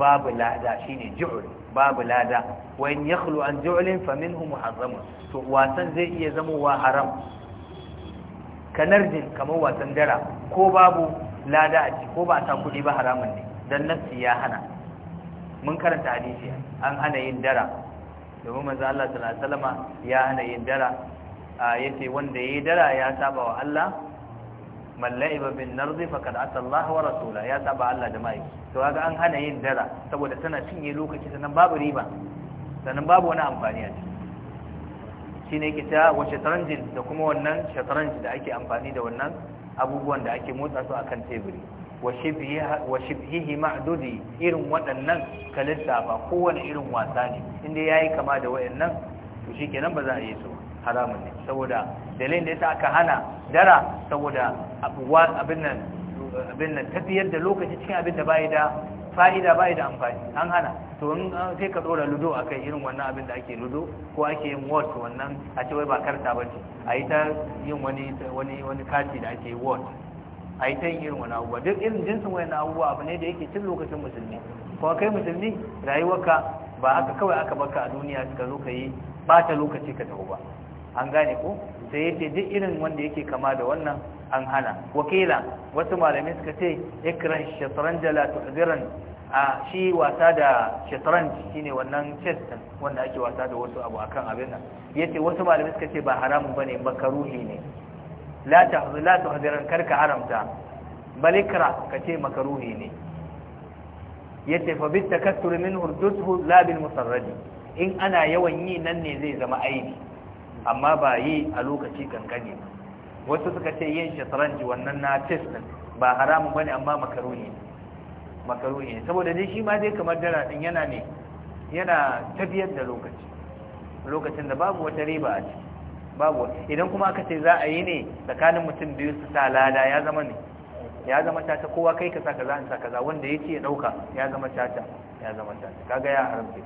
babu lada shine ju'l babu lada wa in yakhlu an to wasan zai iya zama wa haram kanarjin kamar wasan dara ko babu lada a ciki ko ba ta kudi ba haramun ne dan nafsi ya hana mun karanta hadisi an hana yin dara domin manzo Allah sallallahu alaihi ya hana yin dara a yace wanda yayi dara ya saba wa Allah mallaiba bin nardi faqad ata Allah wa rasula ya saba Allah da mai to kaga an hana yin dara saboda tana cinye lokaci sannan babu riba sannan babu wani amfani a ciki shine yake ta wa shataranjin da kuma wannan shataranji da ake amfani da wannan abubuwan da ake motsa su akan teburi wa shibhihi ma'dudi irin waɗannan ka ba kowane irin wasa ne inda yayi kama da waɗannan to shikenan ba za a yi su haramun ne saboda dalilin da yasa aka hana dara saboda abin nan abin nan tafiyar da lokaci cikin abin da yi da fa'ida yi da amfani an hana to in sai ka tsora ludo akan irin wannan abin da ake ludo ko ake yin word wannan a ce wai ba karta ce a yi ta yin wani wani wani kati da ake word a yi ta yin irin wani abubuwa duk irin jinsin wani abubuwa abu ne da yake cin lokacin musulmi kuma kai musulmi rayuwarka ba aka kawai aka baka a duniya suka zo ka yi ta lokaci ka tafi ba an gane ko sai ce duk irin wanda yake kama da wannan an hana wakila wasu malami suka ce ikra shatranj la tuhdiran a shi wasa da shatranj shine wannan chess wanda ake wasa da wasu abu akan abin nan yace wasu malami suka ce ba haramun bane makaruhi ne la "Kar ka tuhdiran karka haramta balikra kace makaruhi ne yace fa bit takattur minhu urduhu la bil musarrad in ana yawan yi nan ne zai zama aiki. amma ba yi a lokaci kankane ba wasu suka ce yin shataranji wannan na test ba haramun bane amma makaruhi makaruhi saboda dai shi ma dai kamar dara yana yana tafiyar da lokaci lokacin da babu wata riba a ciki babu idan kuma aka ce za a yi ne tsakanin mutum biyu su sa lada ya zama ne ya zama tata kowa kai ka sa kaza in sa kaza wanda yace ya dauka ya zama tata ya zama tata kaga ya haramta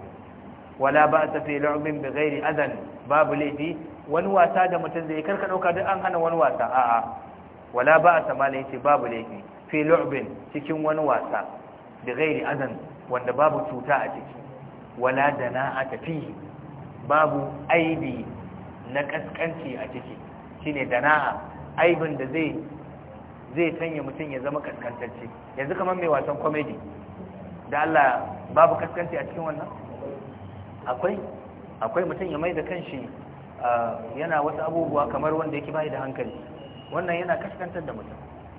wala ba ta fi lu'min bi ghairi adan babu laifi wani wasa da mutum zai karka dauka duk an hana wani wasa a'a wala ba ta malai ce babu laifi fi lu'bin cikin wani wasa bi ghairi adan wanda babu cuta a ciki wala a tafi babu aibi na kaskanci a ciki shine dana'a aibin da zai zai sanya mutum ya zama kaskantacce yanzu kamar mai wasan comedy da Allah babu kaskanci a cikin wannan akwai akwai mutum ya mai da kanshi yana wasu abubuwa kamar wanda yake bai da hankali wannan yana kaskantar da mutum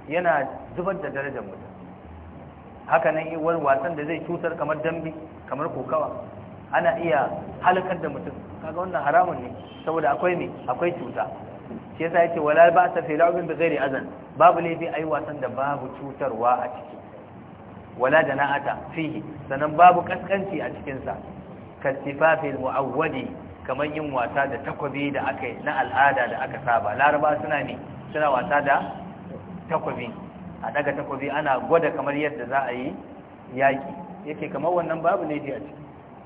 yana zubar da darajar mutum haka nan wasan da zai cutar kamar dambe kamar kokawa ana iya halakar da mutum kaga wannan haramun ne saboda akwai ne, akwai cuta shi yasa yake wala ba ta fi la'ubin bi ghairi azan babu laifi ayi wasan da babu cutarwa a ciki wala jana'ata fihi sanan babu kaskanci a cikin sa kastifafil mu'awwadi kamar yin wasa da takwabi da aka yi na al'ada da aka saba laraba suna ne suna wasa da takwabi a daga takwabi ana gwada kamar yadda za a yi yaki yake kamar wannan babu laifi a ciki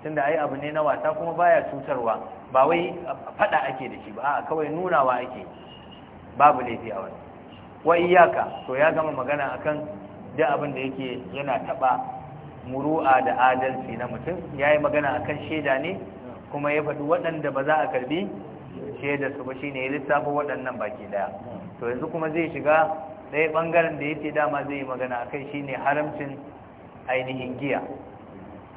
tunda ai abu ne na wasa kuma baya cutarwa ba wai fada ake da shi ba a'a kawai nunawa ake babu laifi a wani wa iyaka to ya gama magana akan duk abin da yake yana taba muru'a da adalci na mutum yayi magana akan shaida ne kuma ya faɗi waɗanda ba za a karbi shaida su ba shine ya lissafa waɗannan baki daya to yanzu kuma zai shiga ɗaya ɓangaren da yake dama zai yi magana akai shine haramcin ainihin giya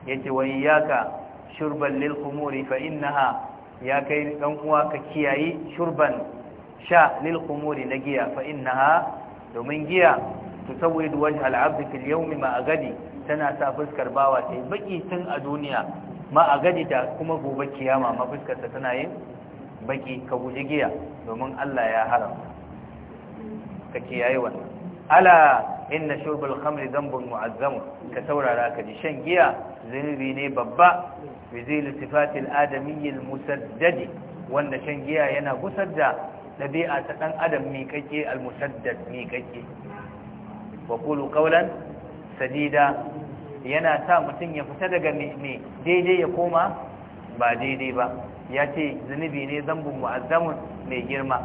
yace wa iyyaka shurban lil khumuri fa innaha ya kai dan uwa ka kiyayi shurban sha lil khumuri na giya fa innaha domin giya tusawwid wajh al abd fil yawm ma agadi tana sa fuskar bawa ta baki tun a duniya ma agadi ta kuma gobe kiyama ma fuskar ta tana yin baki ka guji giya domin Allah ya haramta ka kiyaye wannan ala inna shurbal khamri dhanbun mu'azzam ka saurara ka ji shan giya zunubi ne babba bi zai sifatil adamiyyil musaddadi wanda shan giya yana gusar da ɗabi'a ta ɗan adam miƙaƙe al-musaddad miƙaƙe wa qulu qawlan sadida yana sa mutum ya fita daga me daidai ya koma ba daidai ba ya ce zunubi ne zambun mu'azzamun mai girma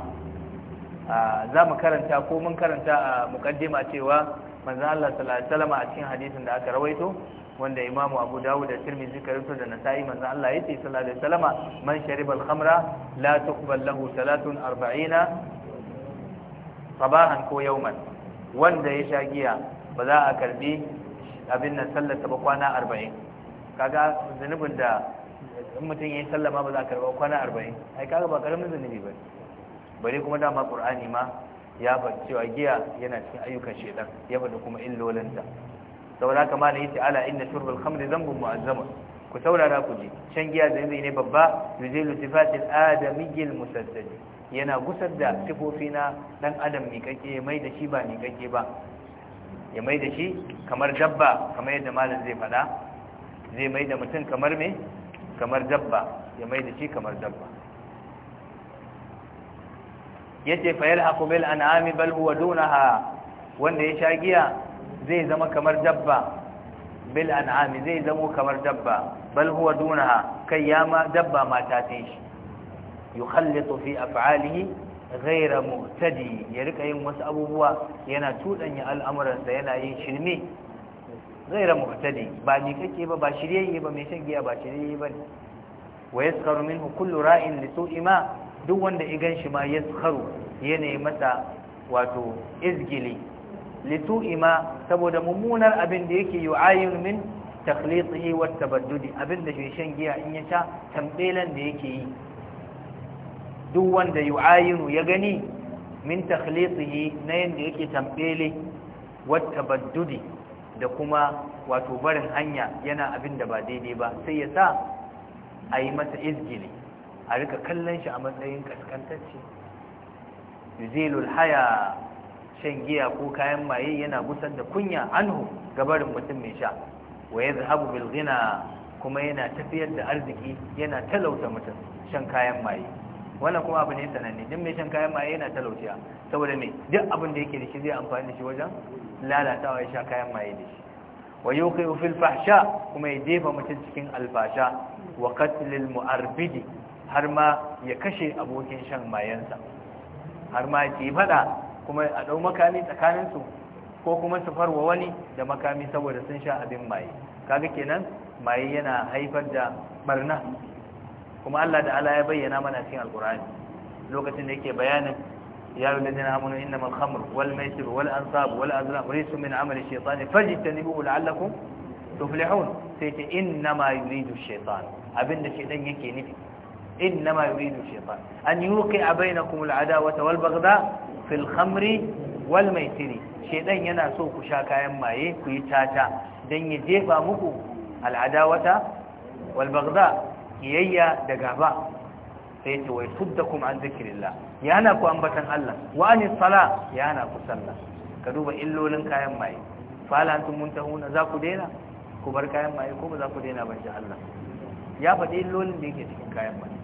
za mu karanta ko mun karanta a mukaddima cewa manzan Allah sallallahu alaihi wasallam a cikin hadisin da aka rawaito wanda imamu abu dawud da tirmidhi suka rubuta da nasa'i manzo Allah yace sallallahu alaihi wasallama man shariba al-khamra la tuqbal lahu salatun 40 sabahan ko yawman wanda ya sha giya ba za a karbi abin nan sallar ta ba kwana arba'in? kaga zanubin da in mutum yi sallama ba za a karba kwana arba'in? ai kaga ba karamin zanubi ba Bari kuma dama qur'ani ma ya bar cewa giya yana cikin ayyukan shedan ya bada kuma illolinta saboda haka malai yace ala inna shurbal khamri dhanbun mu'azzama ku saurara ku ji shan giya zai ne babba yuzilu sifatil adamiyyil musaddad yana gusar da sifofi na dan adam mai kake mai da shi ba mai kake ba ya mai da shi kamar dabba kamar yadda malam zai fada zai mai da mutum kamar me kamar dabba ya mai da shi kamar dabba yace fa yalhaqu bil an'ami bal huwa dunaha wanda ya shagiya zai zama kamar dabba bil an'ami zai zama kamar dabba bal huwa dunaha kai ya ma dabba ma ta tin shi yukhallitu fi af'alihi ghayra muhtadi ya rika yin wasu abubuwa yana tudanya al'amuransa yana yin shirme ghayra muhtadi ba ni kake ba ba shiryayye ba mai shan giya ba shiryayye ba wa yaskaru minhu kullu ra'in li su'i duk wanda ya ganshi ma yaskaru yana masa wato izgili litu ma saboda mummunar abin da yake yu'ayun min takhlitihi wa tabaddudi abin da shan giya in ya sha tambelan da yake yi duk wanda yu'ayinu ya gani min takhlitihi na yanda yake tambele wa tabaddudi da kuma wato barin hanya yana abin da ba daidai ba sai ya sa a yi masa izgili a rika kallon shi a matsayin kaskantacce yuzilul haya shan giya ko kayan maye yana gusar da kunya anhu gabarin mutum mai sha wa yadhhabu bil bilgina kuma yana tafiyar da arziki yana talauta mutum shan kayan maye wannan kuma abu ne sananne duk mai shan kayan maye yana talautiya saboda me duk abin da yake da shi zai amfani da shi wajen lalatawa ya sha kayan maye da shi wa kai fil fahsha kuma ya jefa mutum cikin alfasha wa qatlil mu'arbidi har ma ya kashe abokin shan mayansa har ma ya fada kuma a ɗau makami tsakaninsu ko kuma su farwa wani da makami saboda sun sha abin maye kaga kenan maye yana haifar da barna kuma Allah da Allah ya bayyana mana cikin alkur'ani lokacin da yake bayanin ya ladina amanu innamal khamru wal maisir wal ansab wal azlam rijsun min amali shaytan fajtanibuhu la'allakum tuflihun sai ce innama yuridu shaytan abinda shaytan yake nufi innama yuridu shaytan an yuqi'a bainakum al adawata wal baghdha fil khamri wal maitiri shedan yana so ku sha kayan maye ku yi tata dan ya jefa muku al adawata wal kiyayya da gaba sai ce wai tuddakum an zikrillah yana ku ambatan Allah wa ani sala yana ku sallah ka duba illolin kayan maye fala antum muntahuna za ku daina ku bar kayan maye ko ba za ku daina ban Allah ya faɗi illolin da yake cikin kayan maye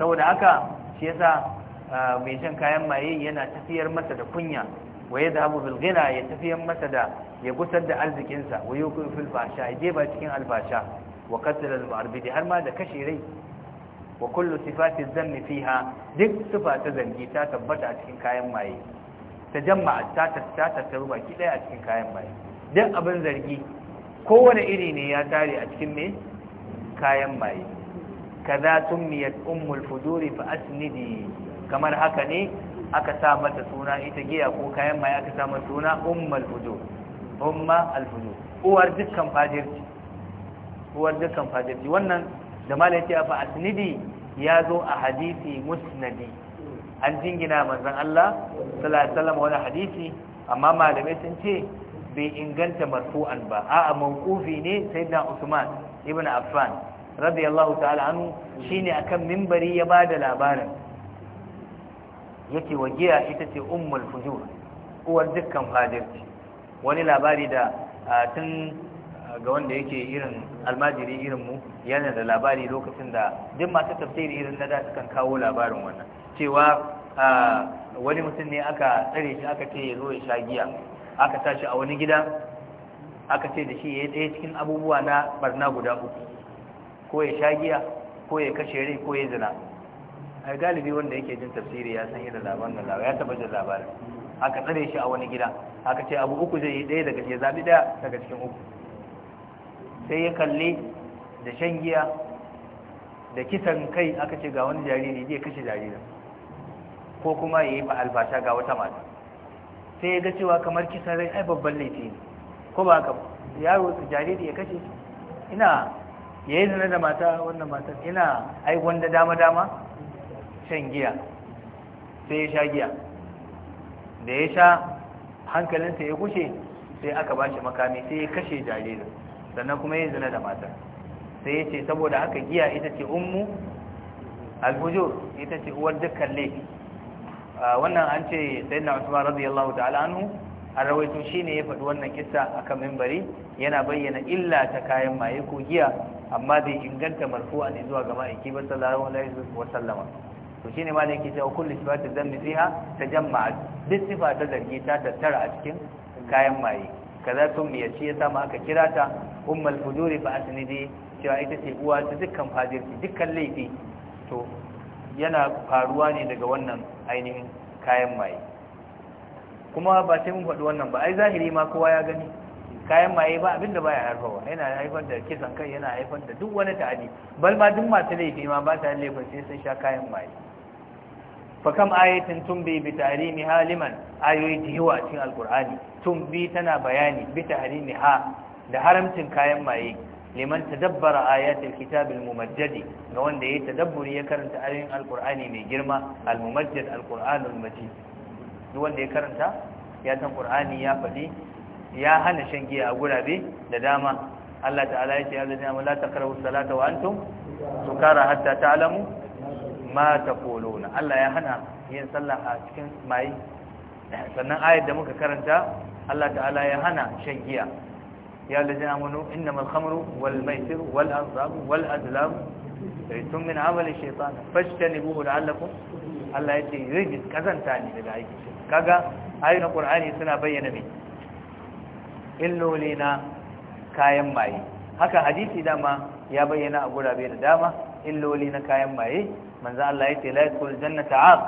saboda haka shi yasa mai shan kayan maye yana tafiyar masa da kunya Waye da abu bil ghina ya tafiyar masa da ya gusar da arzikinsa Waye kun fil basha ya ba cikin albasha wa qatl al mu'arbidi har ma da kashe rai wa kullu sifati zanni fiha duk sifa ta zangi ta tabbata a cikin kayan maye tajamma'a ta ta ta ruba daya a cikin kayan maye duk abin zargi kowane iri ne ya tare a cikin me kayan maye kaza tummiyat ummul fuduri fa asnidi kamar haka ne aka sa mata suna ita giya ko kayan mai aka sa mata suna umma al fujur uwar dukkan fajirci uwar dukkan fajirci wannan da malai a fa asnidi ya zo a hadisi musnadi an jingina manzon Allah sallallahu alaihi wasallam wani hadisi amma malamai sun ce bai inganta marfu'an ba a'a mawqufi ne sayyidina Usman ibn Affan radiyallahu ta'ala anhu shine akan minbari ya bada labarin yake wa giya ita ce ummul fujur uwar dukkan fadirci wani labari da tun ga wanda yake irin almajiri irin mu yana da labari lokacin da duk masu tafsiri irin na da kan kawo labarin wannan cewa wani mutum ne aka tsare shi aka ce ya zo ya sha giya aka tashi a wani gida aka ce da shi ya ɗaya cikin abubuwa na barna guda uku ko ya sha giya ko ya kashe rai ko ya zina ai galibi wanda yake jin tafsiri ya san labar labarin nan ya taba jin labarin aka tsare shi a wani gida aka ce abu uku zai yi ɗaya daga ya zaɓi ɗaya daga cikin uku sai ya kalli da shan giya da kisan kai aka ce ga wani jariri zai kashe jaririn ko kuma ya yi ba albasha ga wata mata sai ya ga cewa kamar kisan rai ai babban laifi ne ko ba haka yaro jariri ya kashe ina ya yi zana da mata wannan matan ina ai wanda dama dama shan giya sai ya sha giya da ya sha hankalinsa ya kushe sai aka ba shi makami sai ya kashe jaririn sannan kuma ya zina da matar sai ya ce saboda haka giya ita ce ummu alfujur ita ce uwar dukkan laifi wannan an ce sai na usman radiyallahu ta'ala anhu an rawaito shine ya faɗi wannan kisa a kan mimbari yana bayyana illa ta kayan maye ko giya amma zai inganta marfu'a ne zuwa ga ma'aiki ba sallallahu alaihi wasallama to shine ma da yake cewa kullu sifatu dhanbi fiha tajamma'at duk sifatu zargi ta tattara a cikin kayan maye kaza tun ya ce ya sama aka kira ta ummul fujuri fa asnidi cewa ita ce uwa ta dukkan fadirci dukkan laifi to yana faruwa ne daga wannan ainihin kayan maye kuma ba sai mun faɗi wannan ba ai zahiri ma kowa ya gani kayan maye ba abinda baya haifawa yana haifar da kisan kai yana haifar da duk wani ta'adi bal ma duk masu laifi ma ba ta laifin sai sun sha kayan maye fakam ayatin tumbi bi tahrimi haliman ayoyi da yawa cikin alqur'ani tumbi tana bayani bi tahrimi da haramcin kayan maye liman tadabbara ayatul kitabil mumajjadi ga wanda yayi tadabburi ya karanta ayoyin alqur'ani mai girma almumajjad alqur'anul majid duk wanda ya karanta ya san qur'ani ya fadi ya hana shan giya a gurabe da dama Allah ta'ala ya ce ya zama la takrahu salata wa antum sukara hatta ta'lamu ma taquluna Allah ya hana yin sallah a cikin mai sannan ayar da muka karanta Allah ta'ala ya hana shan giya ya lazina amanu innamal khamru wal maisir wal ansabu wal azlam rijtun min amali shaytan fajtanibuhu la'allakum Allah yace rijis kazanta ne daga aiki kaga ayoyin Qur'ani suna bayyana me illolina kayan maye haka hadisi dama ya bayyana a gurabe da dama illoli na kayan maye manzo Allah ya ce la yakul jannata aq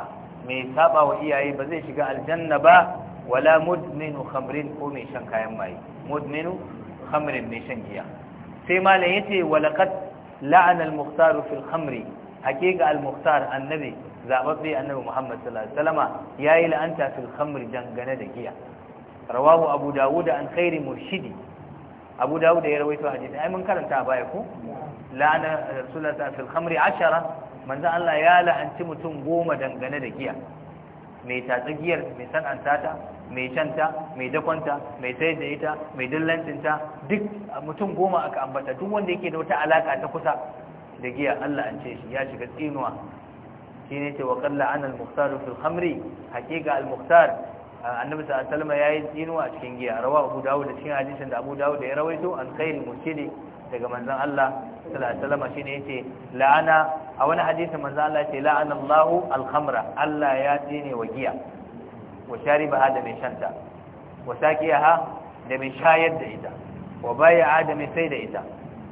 mai saba wa iyaye ba zai shiga aljanna ba wala mudminu khamrin ko mai shan kayan maye mudminu khamrin mai shan giya sai malam yace walaqad la'ana al-mukhtar fil khamri hakika al-mukhtar annabi zababbe annabi Muhammad sallallahu alaihi wasallama yayi la'anta fil khamri dangane da giya rawahu abu dawud an khairi murshidi abu dawud ya rawaito hadisi ai mun karanta baya ko la'ana sulata fil khamri ashara manzo Allah ya la'anci mutum goma dangane da giya mai tatsagiyar mai san'anta ta mai canta mai dakonta mai sayar da ita mai dillancinta duk mutum goma aka ambata duk wanda yake da wata alaka ta kusa da giya Allah an ce shi ya shiga tsinuwa shine ce wa qalla anal muhtar fil khamri haqiqa al muhtar annabi sallallahu alaihi wasallam yayi tsinuwa a cikin giya rawa Abu Dawud da cikin hadisin da Abu Dawud ya rawaito an khairul mursidi daga manzon Allah sallallahu alaihi ne ya yace la'ana a wani hadisi manzo Allah yace la'ana Allah al-khamra Allah ya tsine wa giya wa shariba da mai shanta wa saqiyaha da mai shayar da ita wa bai'a da mai sai da ita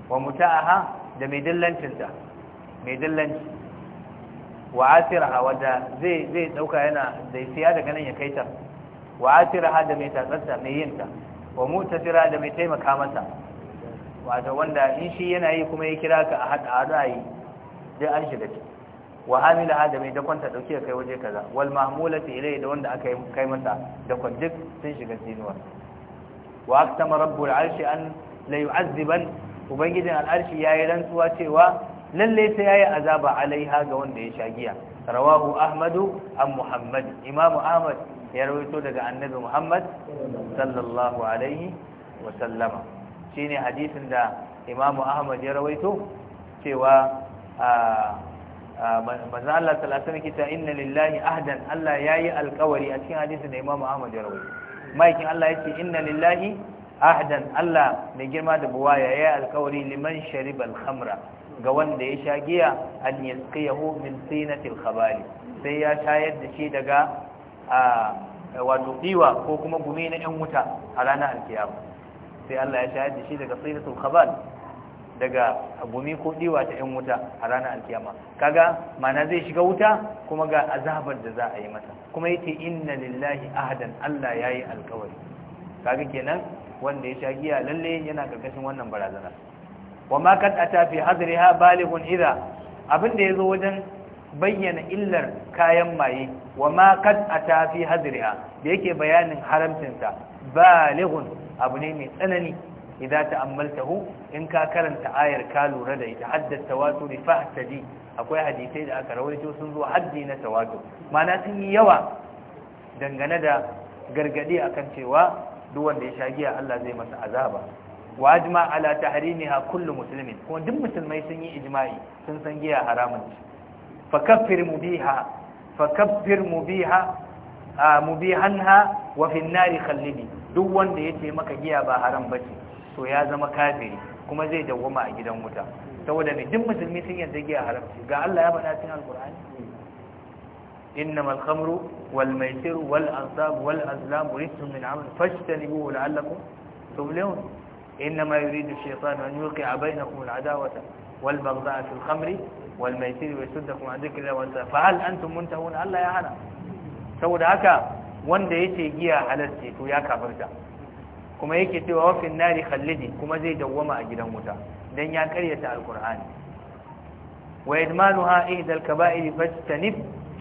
wa muta'aha da mai dillancinta mai dillanci wa asiraha wanda zai zai dauka yana da siya daga nan ya kaita wa asiraha da mai tatsatsa mai yinta wa mutasira da mai taimaka mata wato wanda in shi yana yi kuma ya kira ka a hada hada yi dai an shiga ciki wa hamila hada mai dakon ta a kai waje kaza wal mahmulati ilai da wanda aka kai masa dakon duk sun shiga zinuwa wa aktama rabbul arshi an la yu'azziban ubangijin al'arshi yayi rantsuwa cewa lalle sai yayi azaba alaiha ga wanda ya sha giya rawahu ahmadu an muhammad imamu ahmad ya rawaito daga annabi muhammad sallallahu alaihi wa sallama ne hadisin da Imam Ahmad ya rawaito cewa maza Allah sallallahu alaihi inna lillahi ahdan Allah ya yi alkawari a cikin hadisin da Imam Ahmad ya rawaito maikin Allah yace inna lillahi ahdan Allah mai girma da buwaya yayi alkawari liman sharib alhamra ga wanda ya sha giya an yasqiyahu min sinati khabari sai ya shayar da shi daga wato iwa ko kuma gumi na 'yan wuta a ranar alkiyama sai Allah ya shayar da shi daga sifatul khabal daga gumi ko diwa ta yan wuta a ranar alkiyama kaga mana zai shiga wuta kuma ga azabar da za a yi mata kuma yake inna lillahi ahadan Allah yayi alkawari kaga kenan wanda ya shagiya lalle yana karkashin wannan barazana wa ma kad ata fi hadriha balighun idha abinda yazo wajen bayyana illar kayan maye wa ma kad ata fi hadriha da yake bayanin haramcinsa balighun abu ne mai tsanani idan ta'ammaltahu in ka karanta ayar ka lura da ita haddat tawatur fahtadi akwai hadisai da aka rawaito sun zo haddi na tawatu. mana sun yi yawa dangane da gargadi akan cewa duk wanda ya sha giya Allah zai masa azaba wa ajma ala tahrimiha kullu muslimin kuma duk musulmai sun yi ijma'i sun san giya haramun ce fa kaffir mubiha fa kaffir mubiha mubihanha wa fi an khallidi duk wanda ya ce maka giya ba haram bace to ya zama kafiri kuma zai dawwama a gidan wuta saboda mai duk musulmi sun yarda giya haram ce ga Allah ya faɗa cikin alkur'ani innamal khamru wal maisir wal ansab wal azlam rijsun min amal fajtanibuhu la'allakum tuflihun إنما يريد الشيطان أن يوقع بينكم العداوة والبغضاء في الخمر والميسير ويسدكم عن ذكر الله وانتهى فهل أنتم منتهون Allah ya hana. Saboda haka. wanda yake giya halarci to ya kafarta kuma yake cewa wafin nari khalidi kuma zai dawwama a gidan wuta dan ya karyata alqur'ani wa idmanuha ihdal kaba'ir fajtanib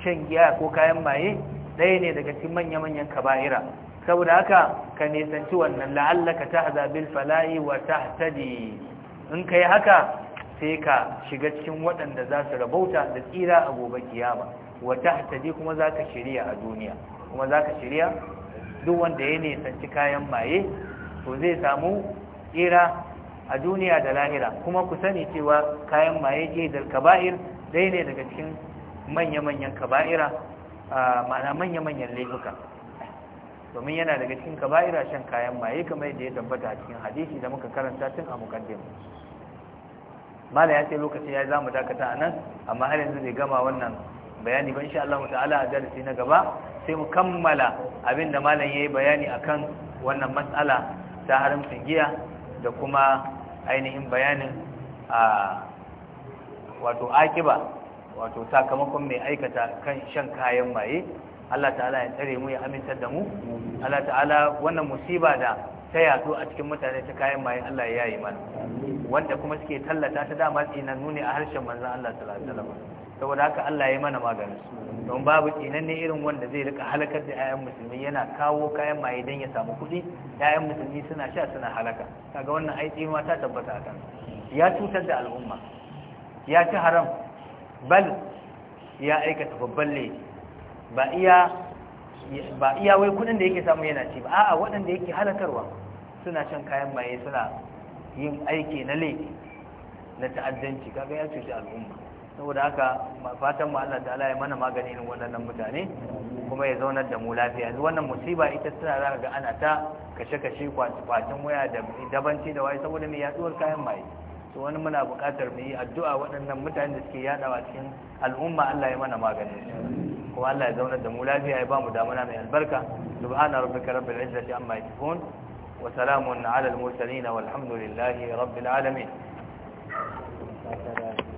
shan giya ko kayan maye ɗaya ne daga cikin manya-manyan kaba'ira saboda haka ka nisanci wannan la'allaka tahza bil fala'i wa tahtadi in kai haka sai ka shiga cikin waɗanda za su rabauta da tsira a gobe kiyama wa tahtadi kuma za ka shirya a duniya kuma za ka shirya duk wanda ya nisanci kayan maye to zai samu tsira a duniya da lahira kuma ku sani cewa kayan maye ke da kaba'ir dai ne daga cikin manya-manyan kaba'ira ma'ana manya-manyan laifuka domin yana daga cikin kaba'ira shan kayan maye kamar yadda ya tabbata a cikin hadisi da muka karanta tun a mukaddim mala ya ce lokaci ya za mu dakata a nan amma har yanzu zai gama wannan bayani ban sha Allah ta'ala a darasi na gaba sai mu kammala abin da malam yi bayani a kan wannan matsala ta haramcin giya da kuma ainihin bayanin a wato akiba wato sakamakon mai aikata kan shan kayan maye Allah ta'ala ya tsare mu ya amintar da mu Allah ta'ala wannan musiba da ta yato a cikin mutane ta kayan maye Allah ya yi mana wanda kuma suke tallata ta dama ina nuni a harshen manzan Allah Ta'ala. saboda haka Allah ya mana maganin don babu kenan ne irin wanda zai rika halakar da 'ya'yan musulmi yana kawo kayan maye don ya samu kuɗi 'ya'yan musulmi suna sha suna halaka kaga wannan ai tsima ta tabbata kan ya cutar da al'umma ya ci haram bal ya aikata babban laifi ba iya ba iya wai kuɗin da yake samu yana ci ba a'a waɗanda yake halakarwa suna shan kayan maye suna yin aiki na laifi na ta'addanci kaga ya cuci al'umma saboda haka fatan mu Allah ta'ala ya mana magani irin wannan mutane kuma ya zaunar da mu lafiya yanzu wannan musiba ita tana za ga ana ta kashe-kashe kwacin waya da dabanci da waye saboda mai yaduwar kayan maye to wani muna buƙatar mu yi addu'a waɗannan mutane da suke yaɗawa cikin al'umma Allah ya mana maganin kuma Allah ya zaunar da mu lafiya ya ba mu damuna mai albarka subhana rabbika rabbil izzati amma yasifun wa salamun ala al mursalin walhamdulillahi rabbil alamin